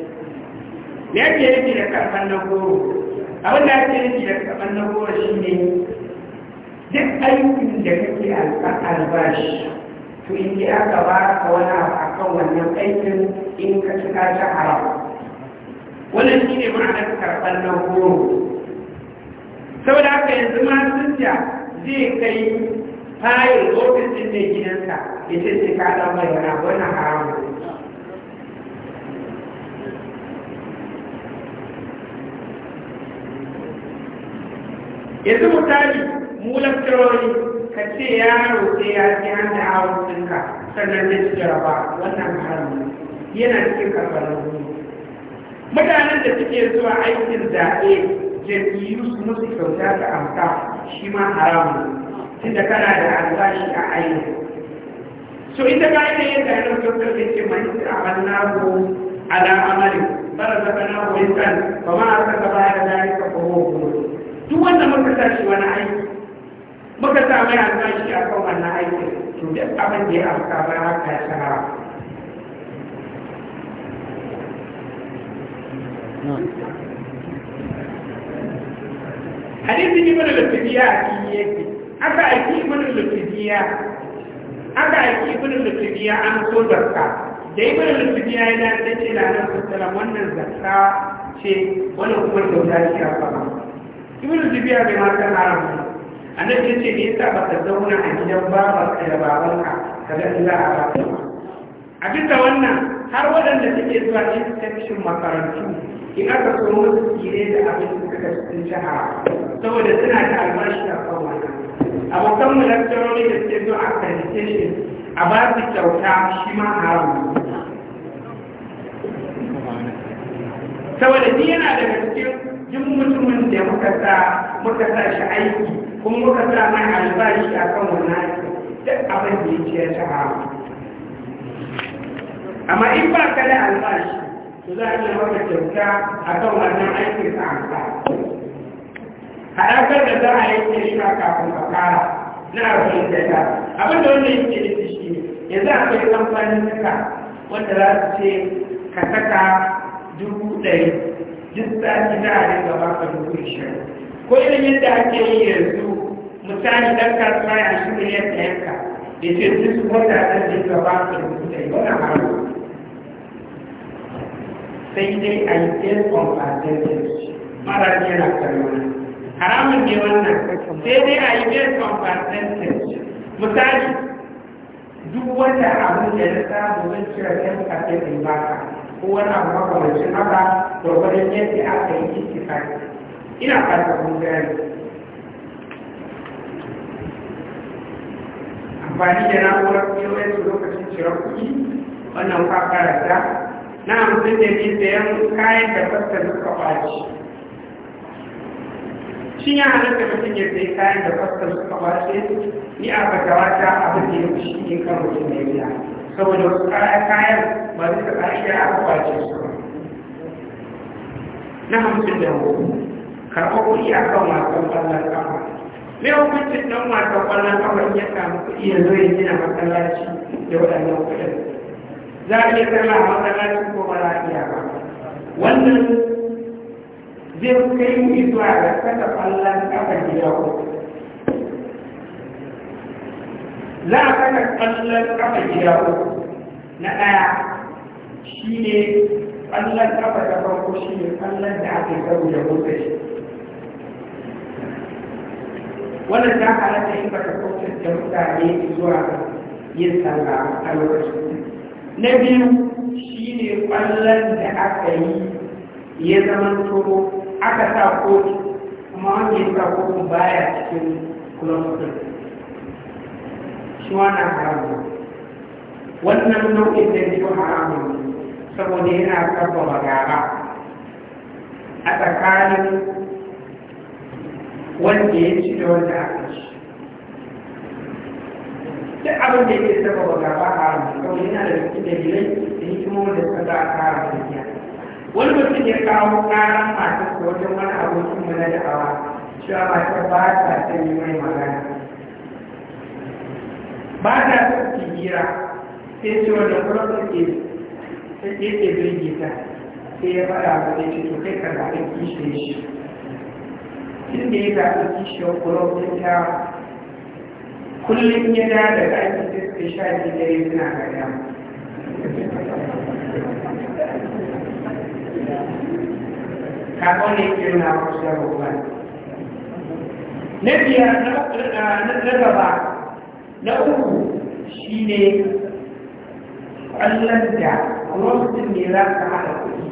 me ake yake da karɓar na goro abin da ake yake da karɓar na goro shi ne duk aikin da kake albashi to in ji aka ba ka wani abu akan wannan aikin in ka cika ta haram wannan shi ne ma'anar karɓar na goro saboda haka yanzu ma sunja zai kai fayil lokacin mai gidansa ya ce shi ka ɗan mai wani abu wannan haramun yanzu misali mu lakcarori ka ce yaro sai ya ce an da awon sunka sannan zai ci jaraba wannan haramu yana cikin karɓar na goro mutanen da suke zuwa aikin zaɓe jam'iyyu su musu kyauta ta amsa shi ma haramun da kana da albashi a ainihin so ita da yadda ya kyautar da ke mai a hannago ala amali bara zaka na hoyitan ba ma aka gaba da zai ka kowo kuma duk wanda muka sa shi wani aiki muka sa mai albashi a kan wannan aiki to duk abin da ya amsa ba haka ya shahara hadisin ibn al-fidiya a yake aka aiki ibn al-fidiya aka aiki ibn al-fidiya an so zakka da ibn al-fidiya ya da ce da nan sallallahu wannan zakka ce wannan kuma wuta shi a fara ibn al-fidiya bai ma san haram annabi ya ce me yasa ka zauna a gidan babar ka da babanka ka ga Allah a ba abin da wannan har waɗanda suke zuwa inspection makarantu in aka so musu tsire da abin da suka cikin jiha saboda suna da albashi a kan wannan A mu lakcarori da suke zuwa a accreditation a ba su kyauta shi ma haramu saboda ni yana da gaske duk mutumin da muka sa muka sa shi aiki kuma muka sa mai albashi a kan wannan duk abin da ya ce ya shahara amma in ba ka da albashi to za a iya maka kyauta a kan wannan aikin ka amfani haɗakar da za a yanke shi a kafin ka fara na arzikin da ta abin da wanda yake da shi ne yanzu akwai kamfanin suka wanda za su ce ka saka dubu ɗari duk sati za a rinka ka dubu ishirin ko irin yadda ake yi yanzu misali ɗan kasuwa ya shi miliyan ɗayan ka yace sai dai a yi ɗin kwamfatanci mara ne na haramun ne wannan sai dai a yi ɗin kwamfatanci misali duk wanda abu da na samu zan cire ɗin kafin in baka ko wani abu makamancin haka gwargwadon yadda aka yi kai ina fata kun gani amfani da na'urar su lokacin cirar kuɗi wannan ka ta na hamsin da ni sayan kayan da fasta suka ɓaci shi ya halitta mutum ya sayi kayan da fasta suka ɓaci ni a fatawa ta abin da ya fi shi ne kan mutum ya biya saboda wasu kayan ba su ka ƙa'ida a ɓace su na hamsin da hudu karɓar kuɗi a kan wasan ƙwallon ƙafa me hukuncin ɗan wasan ƙwallon kawai ya samu kuɗi ya zo ya gina masallaci da waɗannan kuɗin za a iya sallah a masallaci ko ba za a iya ba wannan zai kai mu zuwa ga kasa kwallon kafa gida ko za a kasa kwallon kafa gida ko na ɗaya shi ne kwallon kafa da farko shi ne kwallon da ake saboda motsa shi wannan ta halatta in baka da mutane zuwa yin sallah a lokacin na biyu shi ne kwallon da aka yi ya zama toro aka sa kotu kuma wanda ya sa kotu baya cikin kulon shi wannan haramun wannan nau'in da biyu haramun saboda yana karfa gaba a tsakanin wanda ya ci da wanda aka ci duk abin da yake saba ba gaba a haramta kawai yana da cikin dalilai da hikimomin da suka za a kara tafiya wani mutum ya kawo karan matar da wajen wani abokin mana da awa cewa matar ba ta sani mai magana ba ta son ki sai ce wanda kuma ta ke ta ke birgita sai ya fara ba zai ce to kai ka zaɓi kishe shi inda da ya zaɓi kishiyar kulokin ta kullum ya da da ake da sha ne dare suna gada kakon ne na wasu ruwa na biyar na gaba na uku shi ne ƙwallon da kulokin ne za ka haɗa kuɗi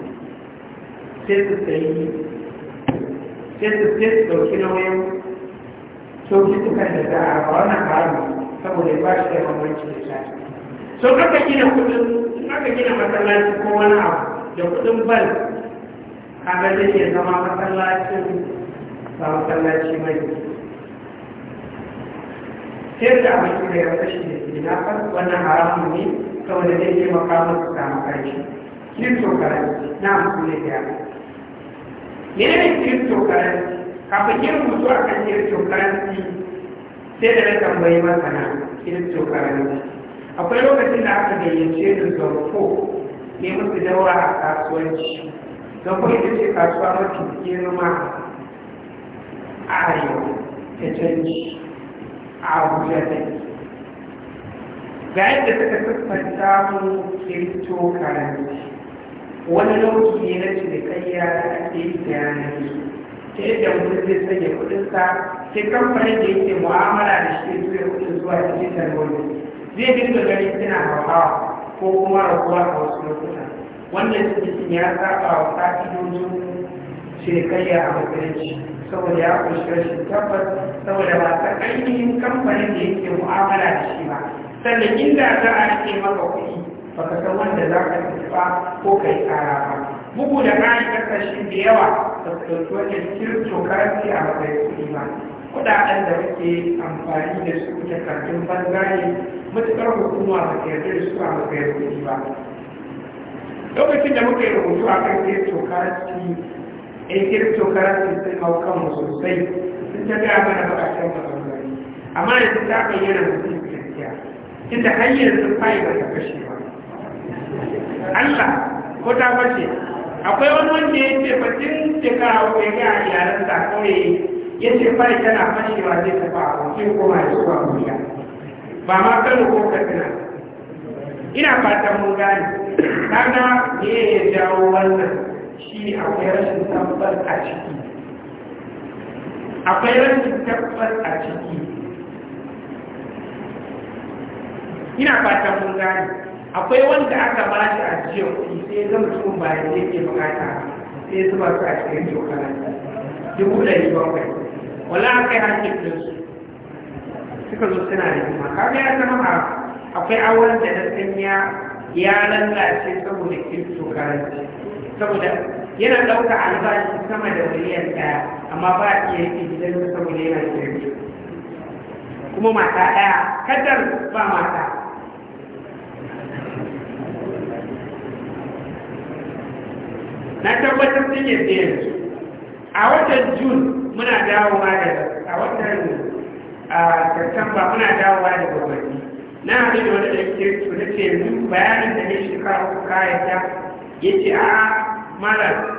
sai su sayi sai su sai su ɗauki nauyin kyaututtukan da za a ba wannan haru saboda ba shi da bambanci da shafi so aka gina kudin aka gina masallaci ko wani abu da kudin bal kaga zai ke zama masallacin ba masallaci mai sai da abin da ya kashi da ke na farko wannan haramun ne saboda zai taimaka musu samu ƙarshe kirto karanci na musulun da ya me ne crypto currency kafin yin rubutu a kan crypto currency sai da na tambayi masana crypto currency akwai lokacin da aka gayyace da zarfo ne musu daura a kasuwanci zarfo ita ce kasuwa mafi girma a arewa ta canji a abuja ta ga yadda suka siffanta mu crypto currency wani lokaci ne na cinikayya da ake yi da yanar gizo ta yadda mutum zai sanya kuɗinsa sai kamfanin da yake mu'amala da shi zuwa kuɗin zuwa cikin tarwani zai dinga gani suna hawa ko kuma raguwa a wasu lokuta wannan cikin ya saba wa cire cinikayya a musulunci saboda ya kunshi rashin tabbas saboda ba ta ainihin kamfanin da yake mu'amala da shi ba sannan inda za a rike maka kuɗi baka san wanda za ka tafa ko ka yi kara ba bugu da kayan kasashe da yawa da su ɗauki wajen cryptocurrency a matsayin kuɗi ba kuɗaɗen da muke amfani da su ta karfin banza ne matuƙar hukuma ba ta yarda da su a matsayin kuɗi ba lokacin da muke rubutu a kan cryptocurrency in eh, cryptocurrency sun hau kanmu sosai sun ta gaya mana ba a baƙaƙen matsaloli amma yanzu ta bayyana mutum gaskiya inda hanyar sun fa'i ba ta kashe ba Allah ko ta bace akwai wani wanda ya ce fatin cika ko ya ga yaran ta ko ya ce fari tana fashewa zai tafa a wakil ko ma ya zuwa muriya ba ma kano ko katsina ina fatan mun gane kana ne ya jawo wannan shi akwai rashin tabbar a ciki akwai rashin tabbar a ciki ina fatan mun gane akwai wanda aka ba shi a cikin kuɗi sai zama cikin bayan da yake bukata sai zuba su a cikin jokana dubu ɗari bakwai wala aka yi hakin su? suka zo suna da jima kaga ya zama akwai awon da na sanya ya lallace saboda kirkito karanci saboda yana ɗauka albashi sama da miliyan ɗaya amma ba a iya yake gidan saboda yana kirkito kuma mata ɗaya kadar ba mata na tabbatar sun da yanzu a watan jun muna dawowa da a watan satamba muna dawowa da gwamnati na haɗu da wani da kirkir da ke yanzu bayanin da ne shekaru ta, ya ce a mara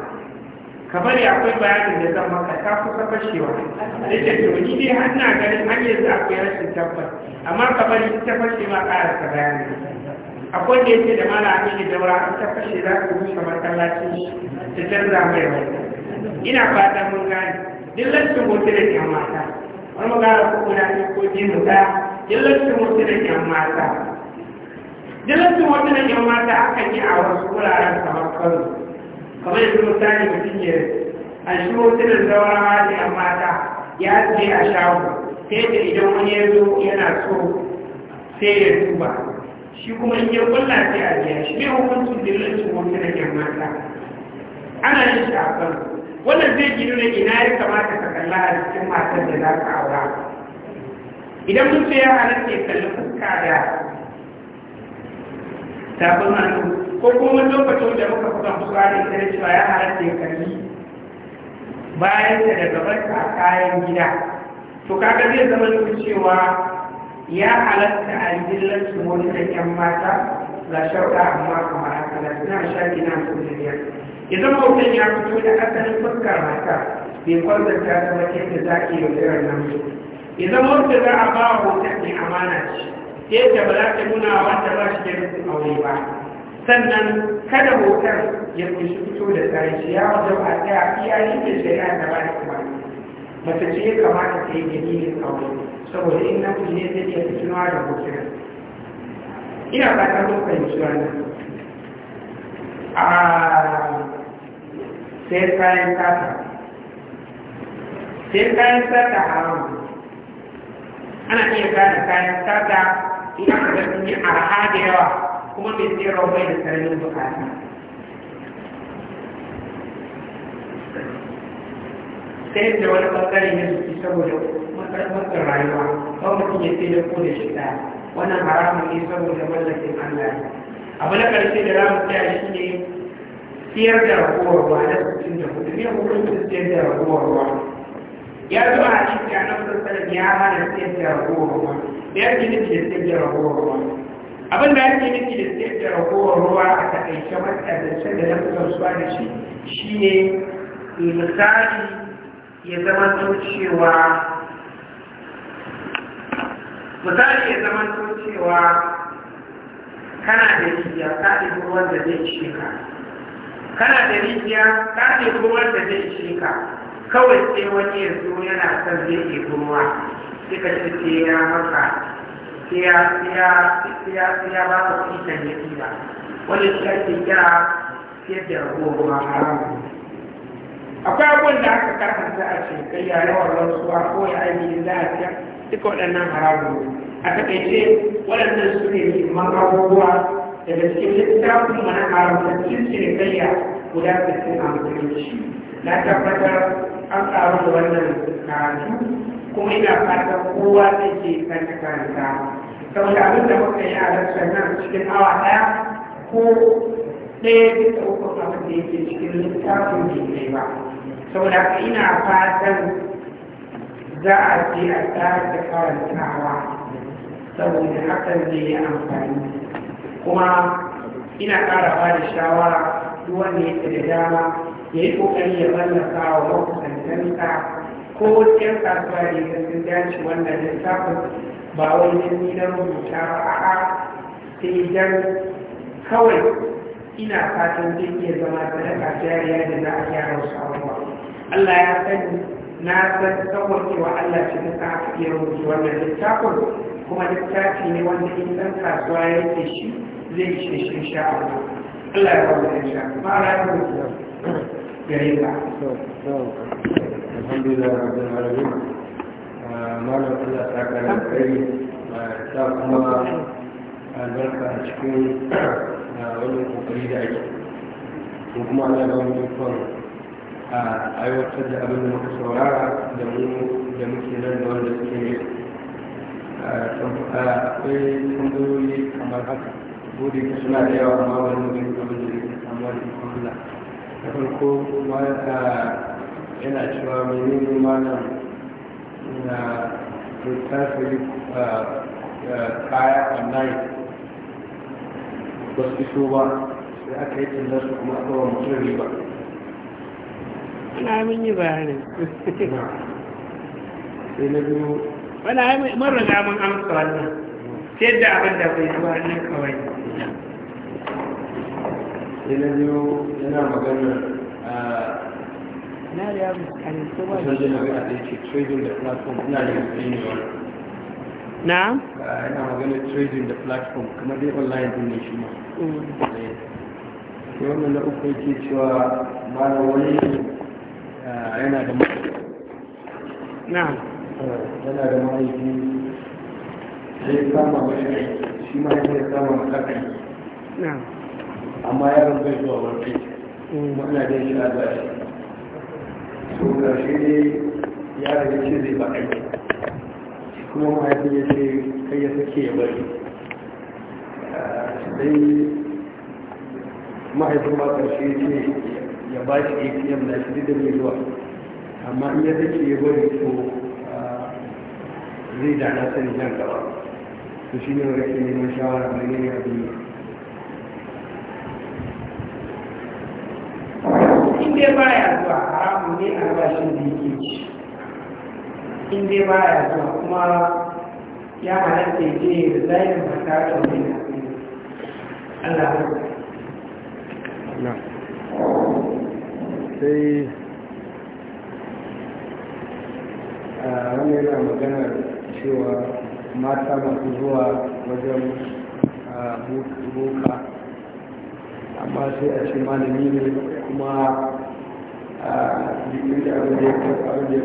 kamar ya akwai bayanin da zan maka ta kusa fashewa da ce to ni dai har na ganin har yanzu akwai rashin tabbas amma kamar ta fashe ma ƙarasa bayanin akwai da yake da mala amini daura an ta kashe za ku rushe masallaci da canza mai wani ina fatan mun gane duk lantin hotu da yan mata wani magana ko guda ne ko ji mu ta duk lantin hotu da yan mata duk lantin hotu da yan mata akan yi a wasu wuraren kamar kano kamar yanzu misali mutum ya a shi hotu da zaura da yan mata ya je a shago sai da idan wani ya zo yana so sai ya duba shi kuma in yi kulla ce a biya shi ne hukuncin dillancin wani na mata ana yin shi wannan zai gino na ina ya kamata ka kalla a cikin matar da za ka aura idan mun ce ya hana ya kalli fuska da tafin hannu ko kuma lokacin da muka fuka fuka da ita da cewa ya hana ya kalli bayan da daga barka a kayan gida to kaga zai zama cewa ya halatta a yi dillancin wani ɗanyen mata la shauɗa amma kamar haka na suna shafi na sojojiya idan mutum ya fito da asalin fuskar mata bai kwanzanta ta wata yadda za a wa yaudarar namiji idan mutum za a ba wa hoton ne amana ce yadda ba za ta nuna wanda ba shi da rufin aure ba sannan kada hoton ya kunshi fito da tsari shi ya wajen a tsaya iya yin da shari'a da ba mace ce ya kamata ta yi dalilin aure saboda in namiji ne zai iya fitinawa da hotuna ina fatan mun fahimci wannan a sai kayan sata sai kayan sata a haram ana iya gane kayan sata ina ga sun yi arha da yawa kuma mai tsere bai da tsananin bukata sai da wani bangare ne su fi saboda matsar rayuwa kawai mutum ya sai da ko da shi wannan haramun ne saboda mallakin Allah ne abu na ƙarshe da ramu tsaya shi ne siyar da ragowar na sittin da hudu ne hukuncin siyar da ragowar ya zuwa a cikin a nan sassanin ya hana siyar da ragowar ruwa da yake nufi da siyar da ragowar abin da ya yake nufi da siyar da ragowar ruwa a taƙaice matsalancen da na fi gamsuwa da shi shine misali ya zama cewa misali ya zama cewa kana da rijiya ka ɗebi ruwan da zai ishe ka kana da rijiya ka ɗebi ruwan da zai ishe ka kawai sai wani ya zo yana son zai ke ruwa sai ka ce sai ya maka sai ya ba ka kuɗi kan ya ɗiba wani shi ake kira siyar da ruwa haramu akwai abubuwan da aka karanta a cinikayya na warwarsuwa ko ya aiki ainihin lafiya duka waɗannan haramun a takaice waɗannan su ne muhimman abubuwa daga cikin littafin mana kai ya guda da amfani da shi. na tabbatar an ƙaru da wannan karatu kuma ina fata kowa da ke kanta karanta saboda abin da muka yi a lantar nan cikin awa ɗaya ko ɗaya duka uku abin da yake cikin littafin da ya kai ba saboda haka ina fatan za a ce a sake karantawa saboda hakan ne ya amfani kuma ina ƙara ba da shawara wanda yake da dama ya yi ƙoƙari ya mallaka wa makusantansa ko yan kasuwa ne da sun dace wannan littafin ba wai don ni na rubuta ba a sai dan kawai ina fatan zai iya zama sadaka jariya da za a gyara wasu a Allah ya sani na san saboda wa Allah shi ta aka iya rubuta wannan littafin kuma littafi ne wanda in ɗan kasuwa yake shi zai ce shi sha Allah Allah ya kawo da sha ba ra da gare ba alhamdulillah rabbil alamin ah, malam Allah ta kare kai ah, ta kuma albarka a cikin ah, wani kokari da ake kuma Allah ya kawo da a aiwatar da abin da muka saurara da mu da muke nan da wanda suke ne akwai tambayoyi kamar haka burin ka suna da yawa amma wani mutum abin da zai samu wani kwamla da farko yana cewa mai ne malam na littafi kaya online ba su iso ba sai aka yi tunda su kuma aka wa mutum ba. ana mun yi bayani. sai na biyu wani ai mun riga mun amsa wannan sai da abin da bai zuwa ne kawai sai na biyu yana magana a na da yawon tsakanin kowa da shi na yana magana trading da platform kamar dai online din ne shi ma mm. eh. sai wannan na uku yake cewa ba wani yana da na'am yana da mahaifi sai kama mai shi ma ya kama mai na'am amma yaron bai zuwa warke wannan dai shi shi yaron ya ce zai ba kuma mahaifi ya ce kai ya sake ya bari ba ya ce ya ba shi atm na shi da mai zuwa amma in ya zai ya bari ko ah, zai da na sani nan gaba to shi ne wani ke neman shawara mai ne abin in ba baya zuwa haramu ne albashin da yake ci in dai baya zuwa kuma ya halatta ya je da zayin mata da wani Allah. No. sai a wani yana maganar cewa mata masu zuwa wajen boka amma sai a ce malami ne kuma a jikin da abin da ya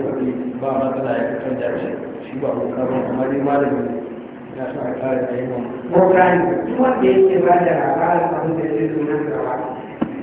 faɗi ba matsala ya fitar da shi shi ba boka ba amma dai malami ne ya sa a kare da yawan boka ne wanda yake ba da labarin abin da ya zo nan gaba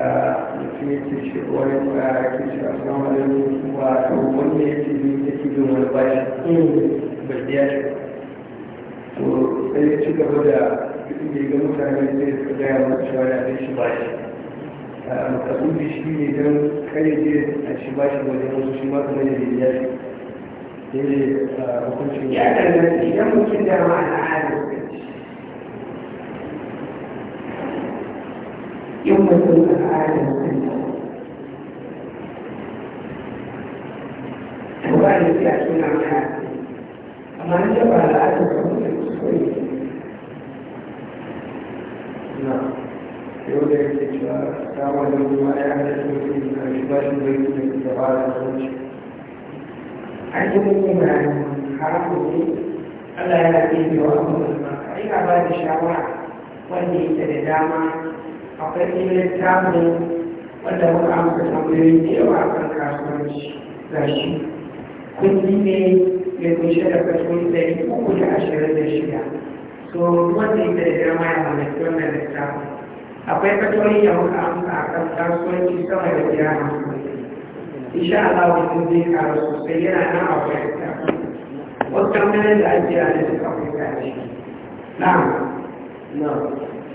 mutum yake shi wani yake shi a sama da wato wanda yake ne ke bin wani bashi bai biya shi to sai ya ci gaba da kuɗin da ga mutane sai suka gaya masa cewa ya kai shi bashi makasudi shi ne don kare je a shi bashi wani wasu shi ma kamar da biya shi ne ya kan nan idan mutum da يوم تلقى العالم كله الوالد التي يأتون عنها أما أنجب على آدم كمية المسؤولية نعم يقول لك تعالوا لما يعمل المسلم أشباش البيت من الزغال الزوج عجبني ما حرمني ألا يأتيني وأمر المرأة إلى بعد الشعوات واللي تدامى akwai ilin tamu wanda muka amsa tambayoyi da yawa akan kasuwanci ga shi kundi ne mai kunshe da kasuwanci ɗari uku da ashirin da shida so wanda ita da girma ya mallaki wannan littafin akwai kasuwanci da muka amsa akan kasuwanci sama da biyar hamsin insha Allah mutum zai karu sosai yana nan a wajen littafin wasu kamfanin da ake yana da suka kuka ciki na'am na'am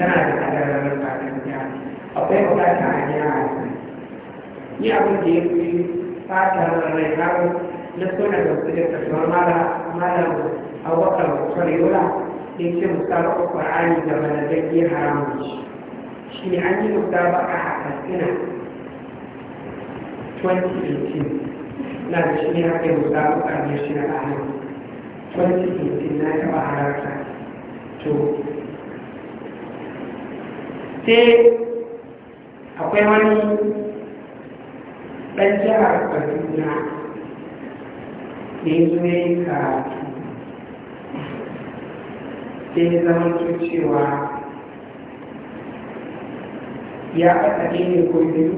tana da tsadar tsararren fatan ya akwai bukata a gyara ni abin da ya fi fatan rai na na suna da su da kasuwar malam a wakar yola ya ce musabaka qur'ani da haramun shi shi an yi a 2018 na da shi ne haka yi musabaka shi na 2018 na to sai akwai wani ɗan jihar kaduna ne zuwa yi karatu sai zama cewa ya aka ne kullum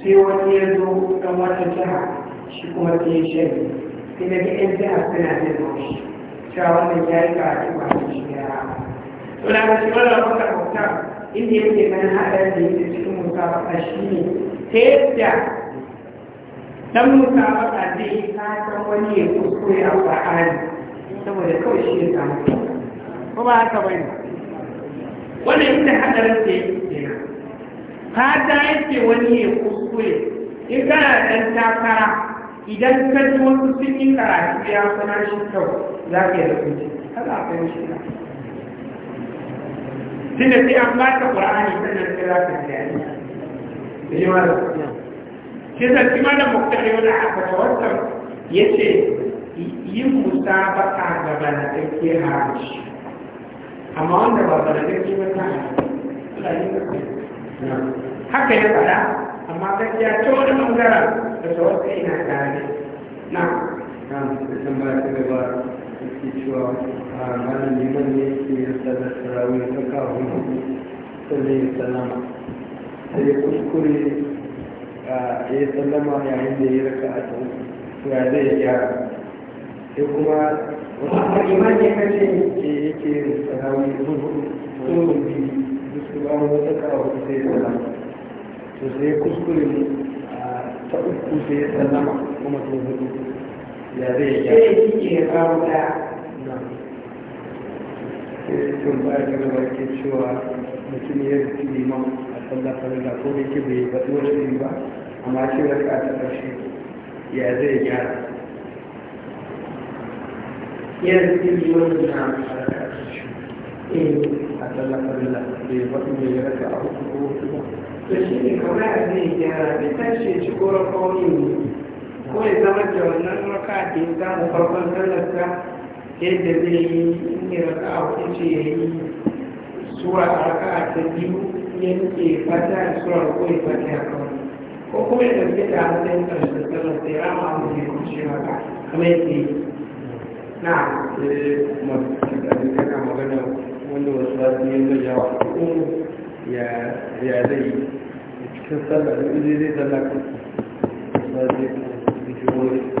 sai wani ya zo ɗan wata jiha shi kuma sai ya sai na ɗan jiha suna jin shi cewa wannan ya yi karatu ba shi ya rama. Tuna ka shi wannan wata hauta inda yake mana haɗarin da yake cikin musabaka shi ne ta yadda dan musabaka zai yi kasan wani ya kuskure a ƙwa'ani saboda kawai shi ya samu kuma haka bai wannan inda haɗarin da yake ta fata ke wani ya kuskure in kana ɗan takara idan ka ji wasu cikin karatu ya sanar shi kyau za ka yi rubuce kada a fahimci na ne sai an ba ta ƙura'ani sannan sai za ka siya ne yi mara shi zan ci mana muktari wani aka ta wancan ya ce yin musa ba a gaba na ɗauke harashi amma wanda ba ba da ɗauke ba ta haka ya faɗa amma gaskiya ta wani ɓangaren da ta wata ina tare na نعم تسمى كذبا تكتشوا عن a يكي يرسل ne فكاهم صلي da سيكشكري ta يعين لي ركعته وهذا salama, sai kuma wasu ne ya kace ke yake sarawi sun rubi su ba mu ta kawo sai ya salama to sai kuskure ta uku sai ya salama kuma sun hudu da zai yi sai shi ke kawo da sai sun ba da gaba ke cewa mutum ya rufi liman a sallah farilla ko da ke bai ba tsohon ba amma ce wata a ta ƙarshe ya zai gyara ya rufi liman na a ƙarshe a sallah farilla bai ba tsohon ya rasa a hukuku ko hukuku to shi ne kamar a zai gyara bai tashi ya ci korakon yin da ya samu farkon sallarsa yadda zai yi in da raka a wani ce ya yi suwa a raka a ta biyu ya fata da suwa ko ya fata ya kawai ko kuma ya ɗauke da matsayin ƙarshen sallar sai ya ma abu ne kuma shi haka kamar yadda yi na sai eh, masu cikin kana magana wanda wasu ba su yi mai yawa ya zai yi cikin sallar da zai zai sallar kan wasu kuma su yi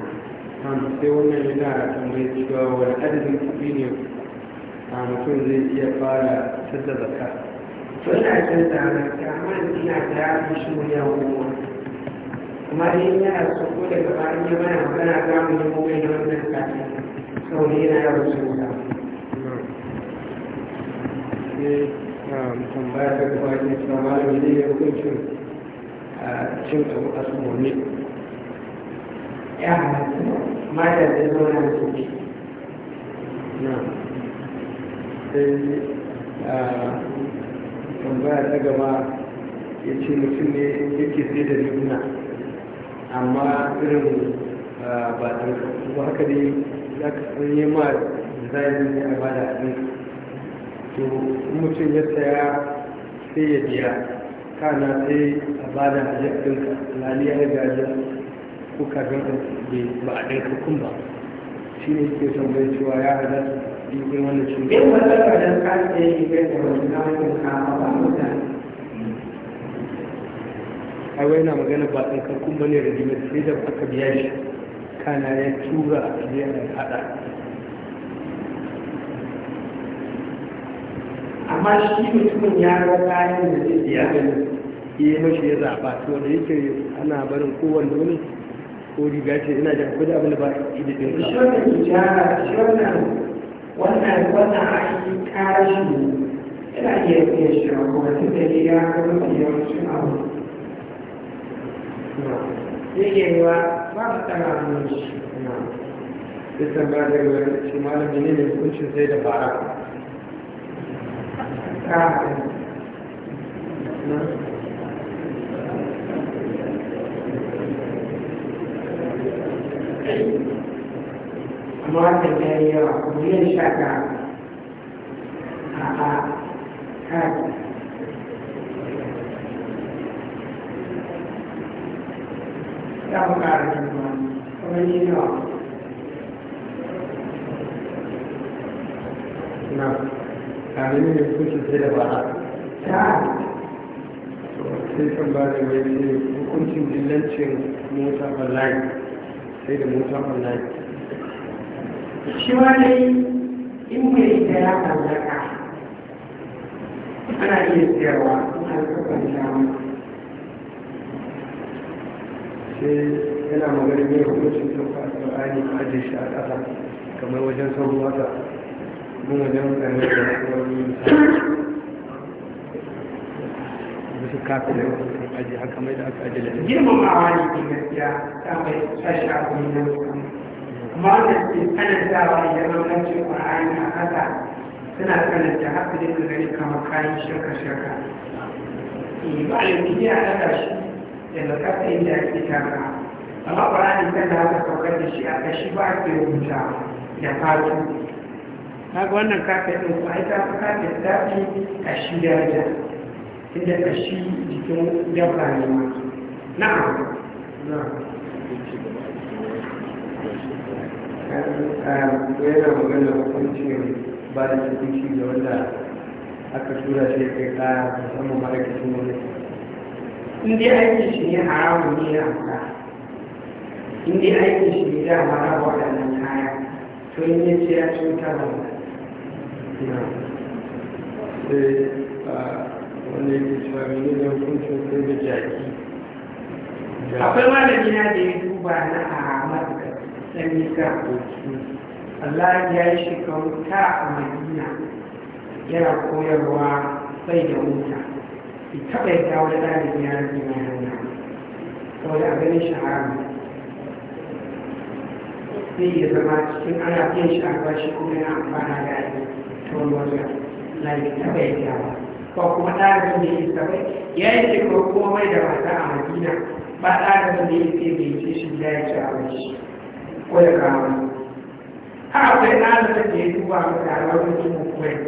sai wannan yana tambayi cewa wani adadin kuɗi ne a mutum zai iya fara sadda zakka to ina jin da zakka amma ina da ya fi shi miliyan goma amma dai in yana so ko da gaba in ya mana magana za mu yi mumai da wannan kati sau ne yana yawan su wuta. tambaya ta gaba ne cewa malami ne ya hukuncin cin abu a ya halatta mata da zauna su ce na sai a ah, tambaya ta gaba ya ce mutum ne yake sai da riguna amma irin ah, ba da ba haka dai za ka sanye ma zanen ne a bada a ɗinka to mutum ya saya sai ya biya kana sai a bada a ɗinka laliya ya gajiya ko kafin ba a ɗan kakun ba shi ne ke son bai cewa ya haɗa ɗin wannan cin da yawan da ka dan kace yi bai da wani nau'in kama ba mutane ai wai na magana ba ɗan kakun ba ne da jimar sai da aka biya shi kana ya tura a biya haɗa amma shi mutumin ya ga kayan da zai biya da yi mashi ya zaɓa to da yake ana barin kowanne wani ko riga ce ina da akwai abin da ba shi da dinka shi wannan ijara shi wannan wannan wannan aiki kashi ina iya iya shi ko wata da ya shi a yawancin abu yake wa ba su tara hannun shi sai san ba da yawa shi malami ne da hukuncin sai da na. kamata ta yi yawa kuma yin shaka a a kan za mu ƙara jima kuma yi yawa na ƙarfi ne kusa sai da ba ta sai kan ba da mai hukuncin dillancin mota online sai da mutum Allah shi ma dai in mai da ya mallaka ana iya siyarwa in har kasan shama sai yana magana ne hukuncin sauka a tsarani a ajiye shi a ƙasa kamar wajen sauruwa ta mun wajen tsanar da wani misali da su kafin da ya aka aje haka mai da aka aje lafiya girmamawa ne gaskiya ta mai sashi a kuma nan kuma. da ke kanantawa idan an kace ƙwararri a ƙasa, suna kananta haka ne ka gani kamar kayan shirka-shirka eh, ba a yanzu a ɗaga shi da zakasa inda ake taka amma ƙwararri kan da haka saukar da shi a kashi ba a ke rubuta da fatu kaga wannan kafin ɗin ku aika kafin daɗi a shi daraja inda kashi jikin dabba ne ma na'am eh, yana magana hukuncin ba da hukunci da wanda aka tura shi kai kaya musamman ma'aikacin wani in dai aikin shi ne haramu ne ya amsa in dai aikin shi ne dama na waɗannan kaya to in ya ce ya cuta ba wanda yake cewa mene ne hukuncin sai da jaki akwai malami na da ya duba na a matuka sanyi ka Allah ya yi shekaru ta a madina yana koyarwa sai da wuta ki taɓa yadda wani ɗalibin ya rage mai hanya saboda a ganin shahara Sai ya zama cikin ana fiye shi albashi kuma yana amfana da aiki ta wani wajen na yi taɓa ya ba ba kuma ɗalibin da ya isa bai ya yi shekaru kuma mai da mata a madina ba ɗalibin da ya isa bai ce shi ya yi abinci ko ya kama Ha akwai ɗalibin da ya duba mata a lokacin hukumai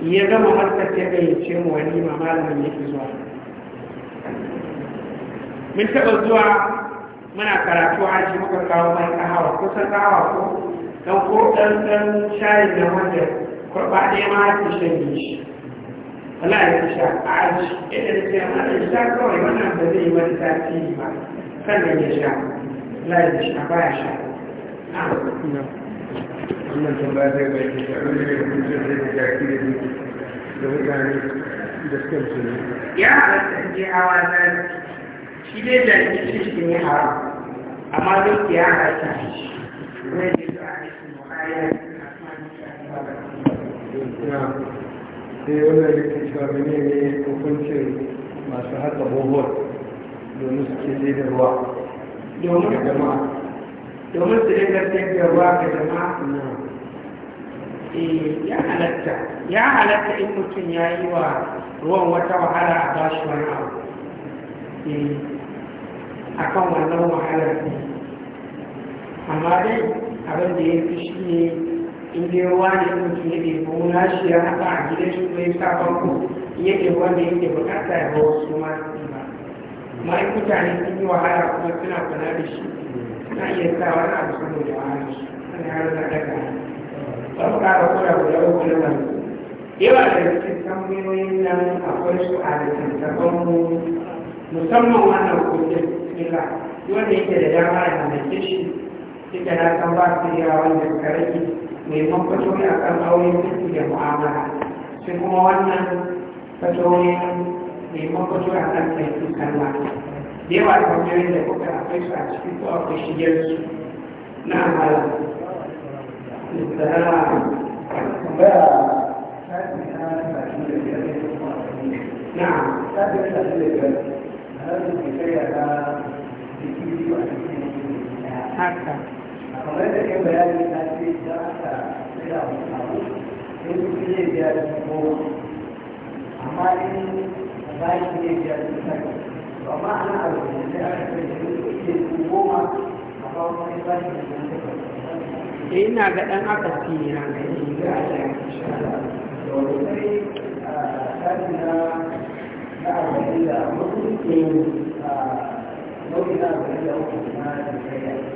ya gama harkar ta gayyace mu wani ma malamin yake zuwa mun taɓa zuwa muna karatu a shi muka kawo mai kahawa kusan kahawa ko don ko ɗan ɗan shayin da wanda kurɓa ɗaya ma haka shan shi Allah ya fi sha'aji inda da ke amma da sha kawai wannan ba zai yi wani tasiri ba sannan ya sha Allah ya sha ba ya sha wannan tambaya zai bai ke shaɗu ne da kuma da jaki da duki da mutane da suke musulmi. Ya halatta je hawa na shi dai da ke shi ne haram amma duk ya halatta shi. Wani da su a cikin Bukhari da Asmanu Shahadu Babakar. sai wannan rikin shawamini ne hukuncin masu haka bohol domin suke zai da ruwa domin da jama'a domin su rika zai da ruwa ga jama'a eh, ya halatta ya halatta in mutum ya yi wa ruwan wata wahala a bashi wani abu eh, a kan wannan wahalar ne. amma dai abin da ya fi shi ne in dai ruwa ne mutum ya ɗebo na shi ya haɗa a gidan shi ko ya sa banko ya ɗebo wanda ya yake bukata ya ba wasu ma su yi ba. Ma'aikuta ne sun yi wahala kuma suna kula da shi suna iya sa wani abu saboda wahala shi ana har na daga ba mu ƙara kula guda uku na wani yawa da cikin tambayoyin nan akwai su a littattafan mu musamman wannan kotun sila wanda yake da dama da mallake shi duka na san ba su yawa wanda suka rage neman kecuali a kan auren ciki da mu'amala sai kuma wannan fatoyi neman fatoyi a kan taifin kalma da yawa tambayoyin da kuka akwai su a cikin ko akwai shigar su na Haka. kamar da kai bayani na ce idan aka tsira mutum abu sai su fiye biya da goma amma in ba shi ne biya da saka to amma ana a rubuce sai aka kai da su fiye su goma a ba wani ba shi da saka da eh, ina ga dan aka fiye na ga shi ga Allah ya shi Allah to sai eh, a tsari na na arba'in da mutum ke eh, nau'in arba'in da uku na da kai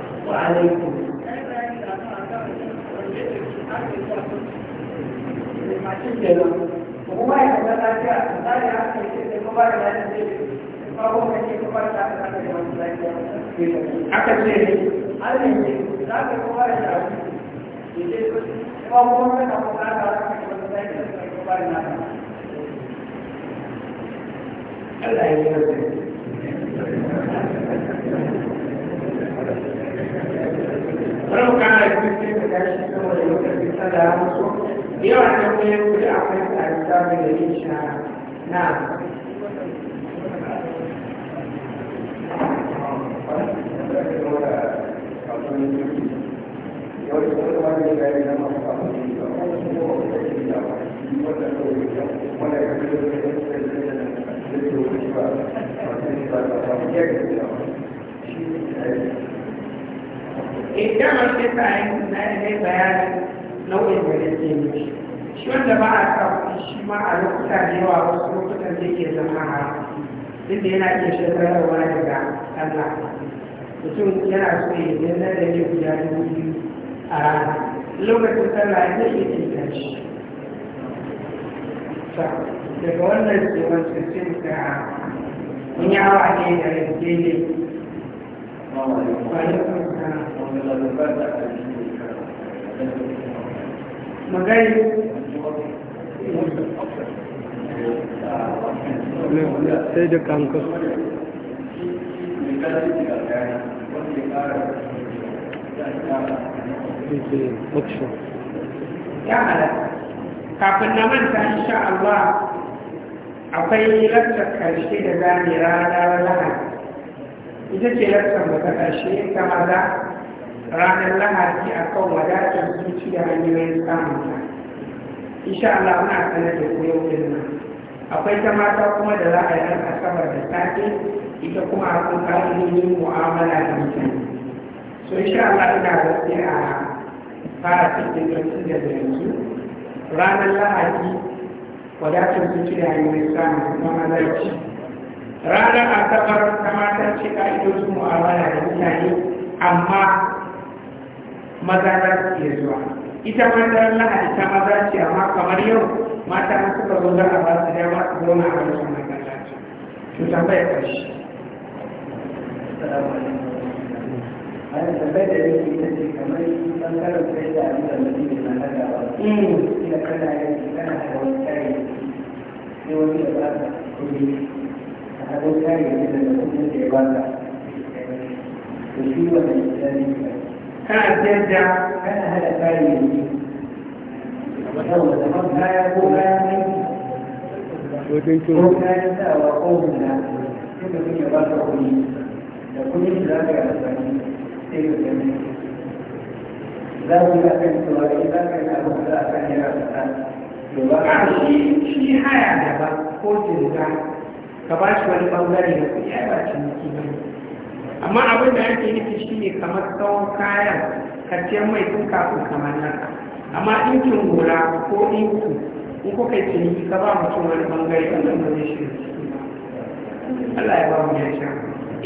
وعليكم وهو يتبقى جاء فقال يا أخي الشيخ المبارك لا تزيد فهو من الشيخ المبارك لا تزيد حتى الشيخ هذا الشيخ ذاك المبارك لا تزيد فهو من المبارك لا تزيد Allah ya yi Wani kana da kuma da gashi saboda lokacin sallah ya mutu, yawa ta kuma wuri akwai tsari samun da yin shara. Na. Thank you. idan wani ke ta yin na ne bayanin nau'in da nake mishi shi wanda ba a sa shi ma a lokuta da yawa wasu lokutan da yake zama haram duk da yana iya shekararwa daga Allah mutum yana so ya yi na da ne guda dubu biyu a lokacin sallah ya zai iya kinta shi daga wannan ce wancan sai ka mun yi awa ne da daidai magani sai da kanka ya halatta kafin na manta insha Allah akwai lantar karshe da zami rana lahadi ita ce lakcin da ta ƙarshe ta maza ranar lahadi a kan wadatar zuci da hanyoyin samun ta insha Allah muna sanar da ku yau din nan akwai ta mata kuma da za a yi asabar da safe ita kuma a kan ƙa'idodin mu'amala da mutane so insha Allah ina da sai a fara cikin ƙarfi da yanzu ranar lahadi wadatar zuci da hanyoyin samun ta maza ce ranar asabar kamata ce ka'idojin mu'amala da mutane amma maza za su iya zuwa ita mata na ta maza ce amma kamar yau mata na suka zo za a ba su dama su zauna a wani sunan masallaci to tambaya ƙarshe ana da yake ita ce kamar bangaren sai da abin da mutum na nagawa hmm. ina kana yin kana wani kare sai wani da ba هذا كان يجب أن تكون العبادة تشير الإنسان كانت ترجع كان هذا ثاني ولو ذهبنا يقول قلنا لنا وقومنا كل من يبادر به يكون ذاك الأسلام سير الجميع ذاك الأسلام سواء ذاك الأسلام ذاك الأسلام يبادر به في حياتك قلت لك ka ba shi wani bangare na kuɗi ai ba ciniki ba ne amma abin da ake nufi shi ne kamar tsawon kayan ka ce mai tun kafin kamar naka amma ɗinkin gora ko ɗinku in kuka yi ciniki ka ba mutum wani bangare wannan ba zai shi ba Allah ya ba mu ya sha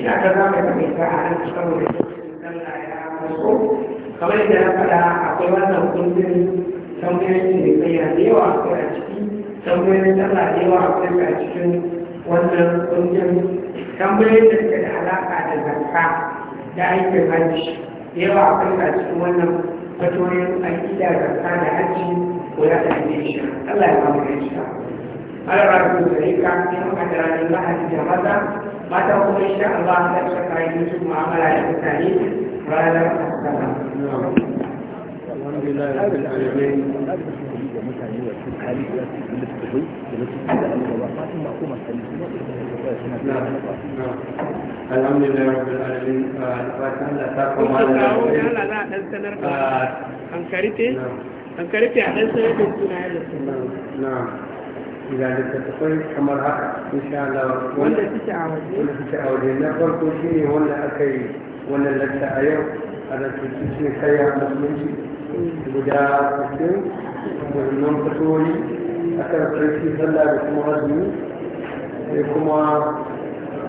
ina ga za mu yi ta a nan saboda Allah ya maso kamar yadda na faɗa akwai wannan kundin tambayoyin da kai da yawa akwai a ciki tambayoyin da yawa akwai a cikin wannan kungiyar tambayoyin da suke da alaka da zakka da aikin hajji yawa akwai a cikin wannan fatoyin aƙida zakka da hajji ko da ɗanye shi Allah ya kama da shi Allah ya kama da ka da ranar lahadi da maza mata kuma insha Allah ta saka yi su mu'amala da mutane ranar asabar. Alhamdulillah ya fi al'alamin. Mutane wasu kari da su da da da da da da alhamdulillah نعم الحمد لله رب da da dan sanar ah. an karite an karite a dan sanar da suna da kamar haka insha Allah wanda a waje wanda a waje na farko shine wanda aka yi wannan lakta a yau a da cikin kaya musulunci guda cikin fasoli sarki sallah da kuma azumi sai kuma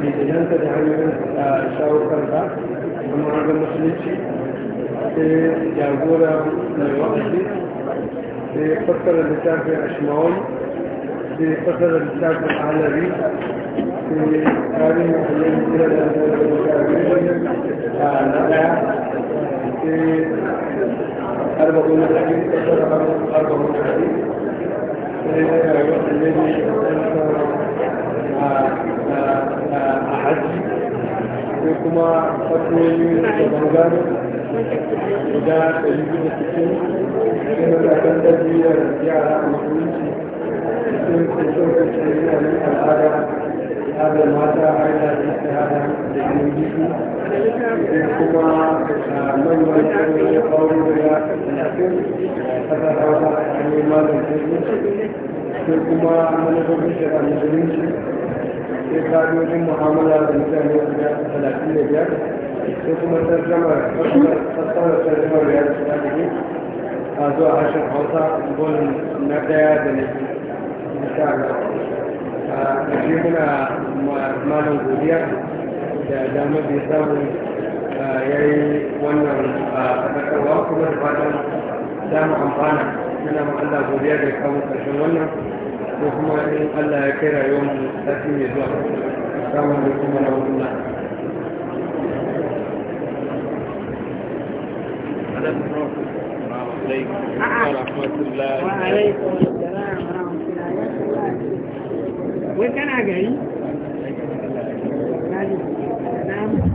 bincike da hanyar shawo kansa kuma ga musulunci sai jagora mai wa'azi sai fassara littafin ashmawon sai fassara littafin alari sai tarihin hanyar jira da a na daya sai arba'un da ake fassara arba'un da ake sai rayuwar da ne ne a haji ko kuma fatoyi da bangare guda ɗari biyu da cikin cikin matakan tarbiyyar yara a musulunci cikin kusurkar tarbiyyar al'ada هذا المادة على الاستهادة للمجيء كما من يكون قول بلا الأخير هذا هو المادة كما من يكون بلا الأخير sai ka'idojin mu'amala da mutane guda talatin da biyar sai kuma tarjama fassarar tarjamar ya da suka ne a zuwa harshen hausa bolin na daya da na insha Allah a ƙarshe muna malam godiya da damar da ya samu ya yi wannan faɗakarwa kuma da fatan za mu amfana muna ma Allah godiya da ya kawo ƙarshen wannan ko kuma in Allah ya kai rayuwar mu sati mai zuwa samun da kuma na wuna wai kana gari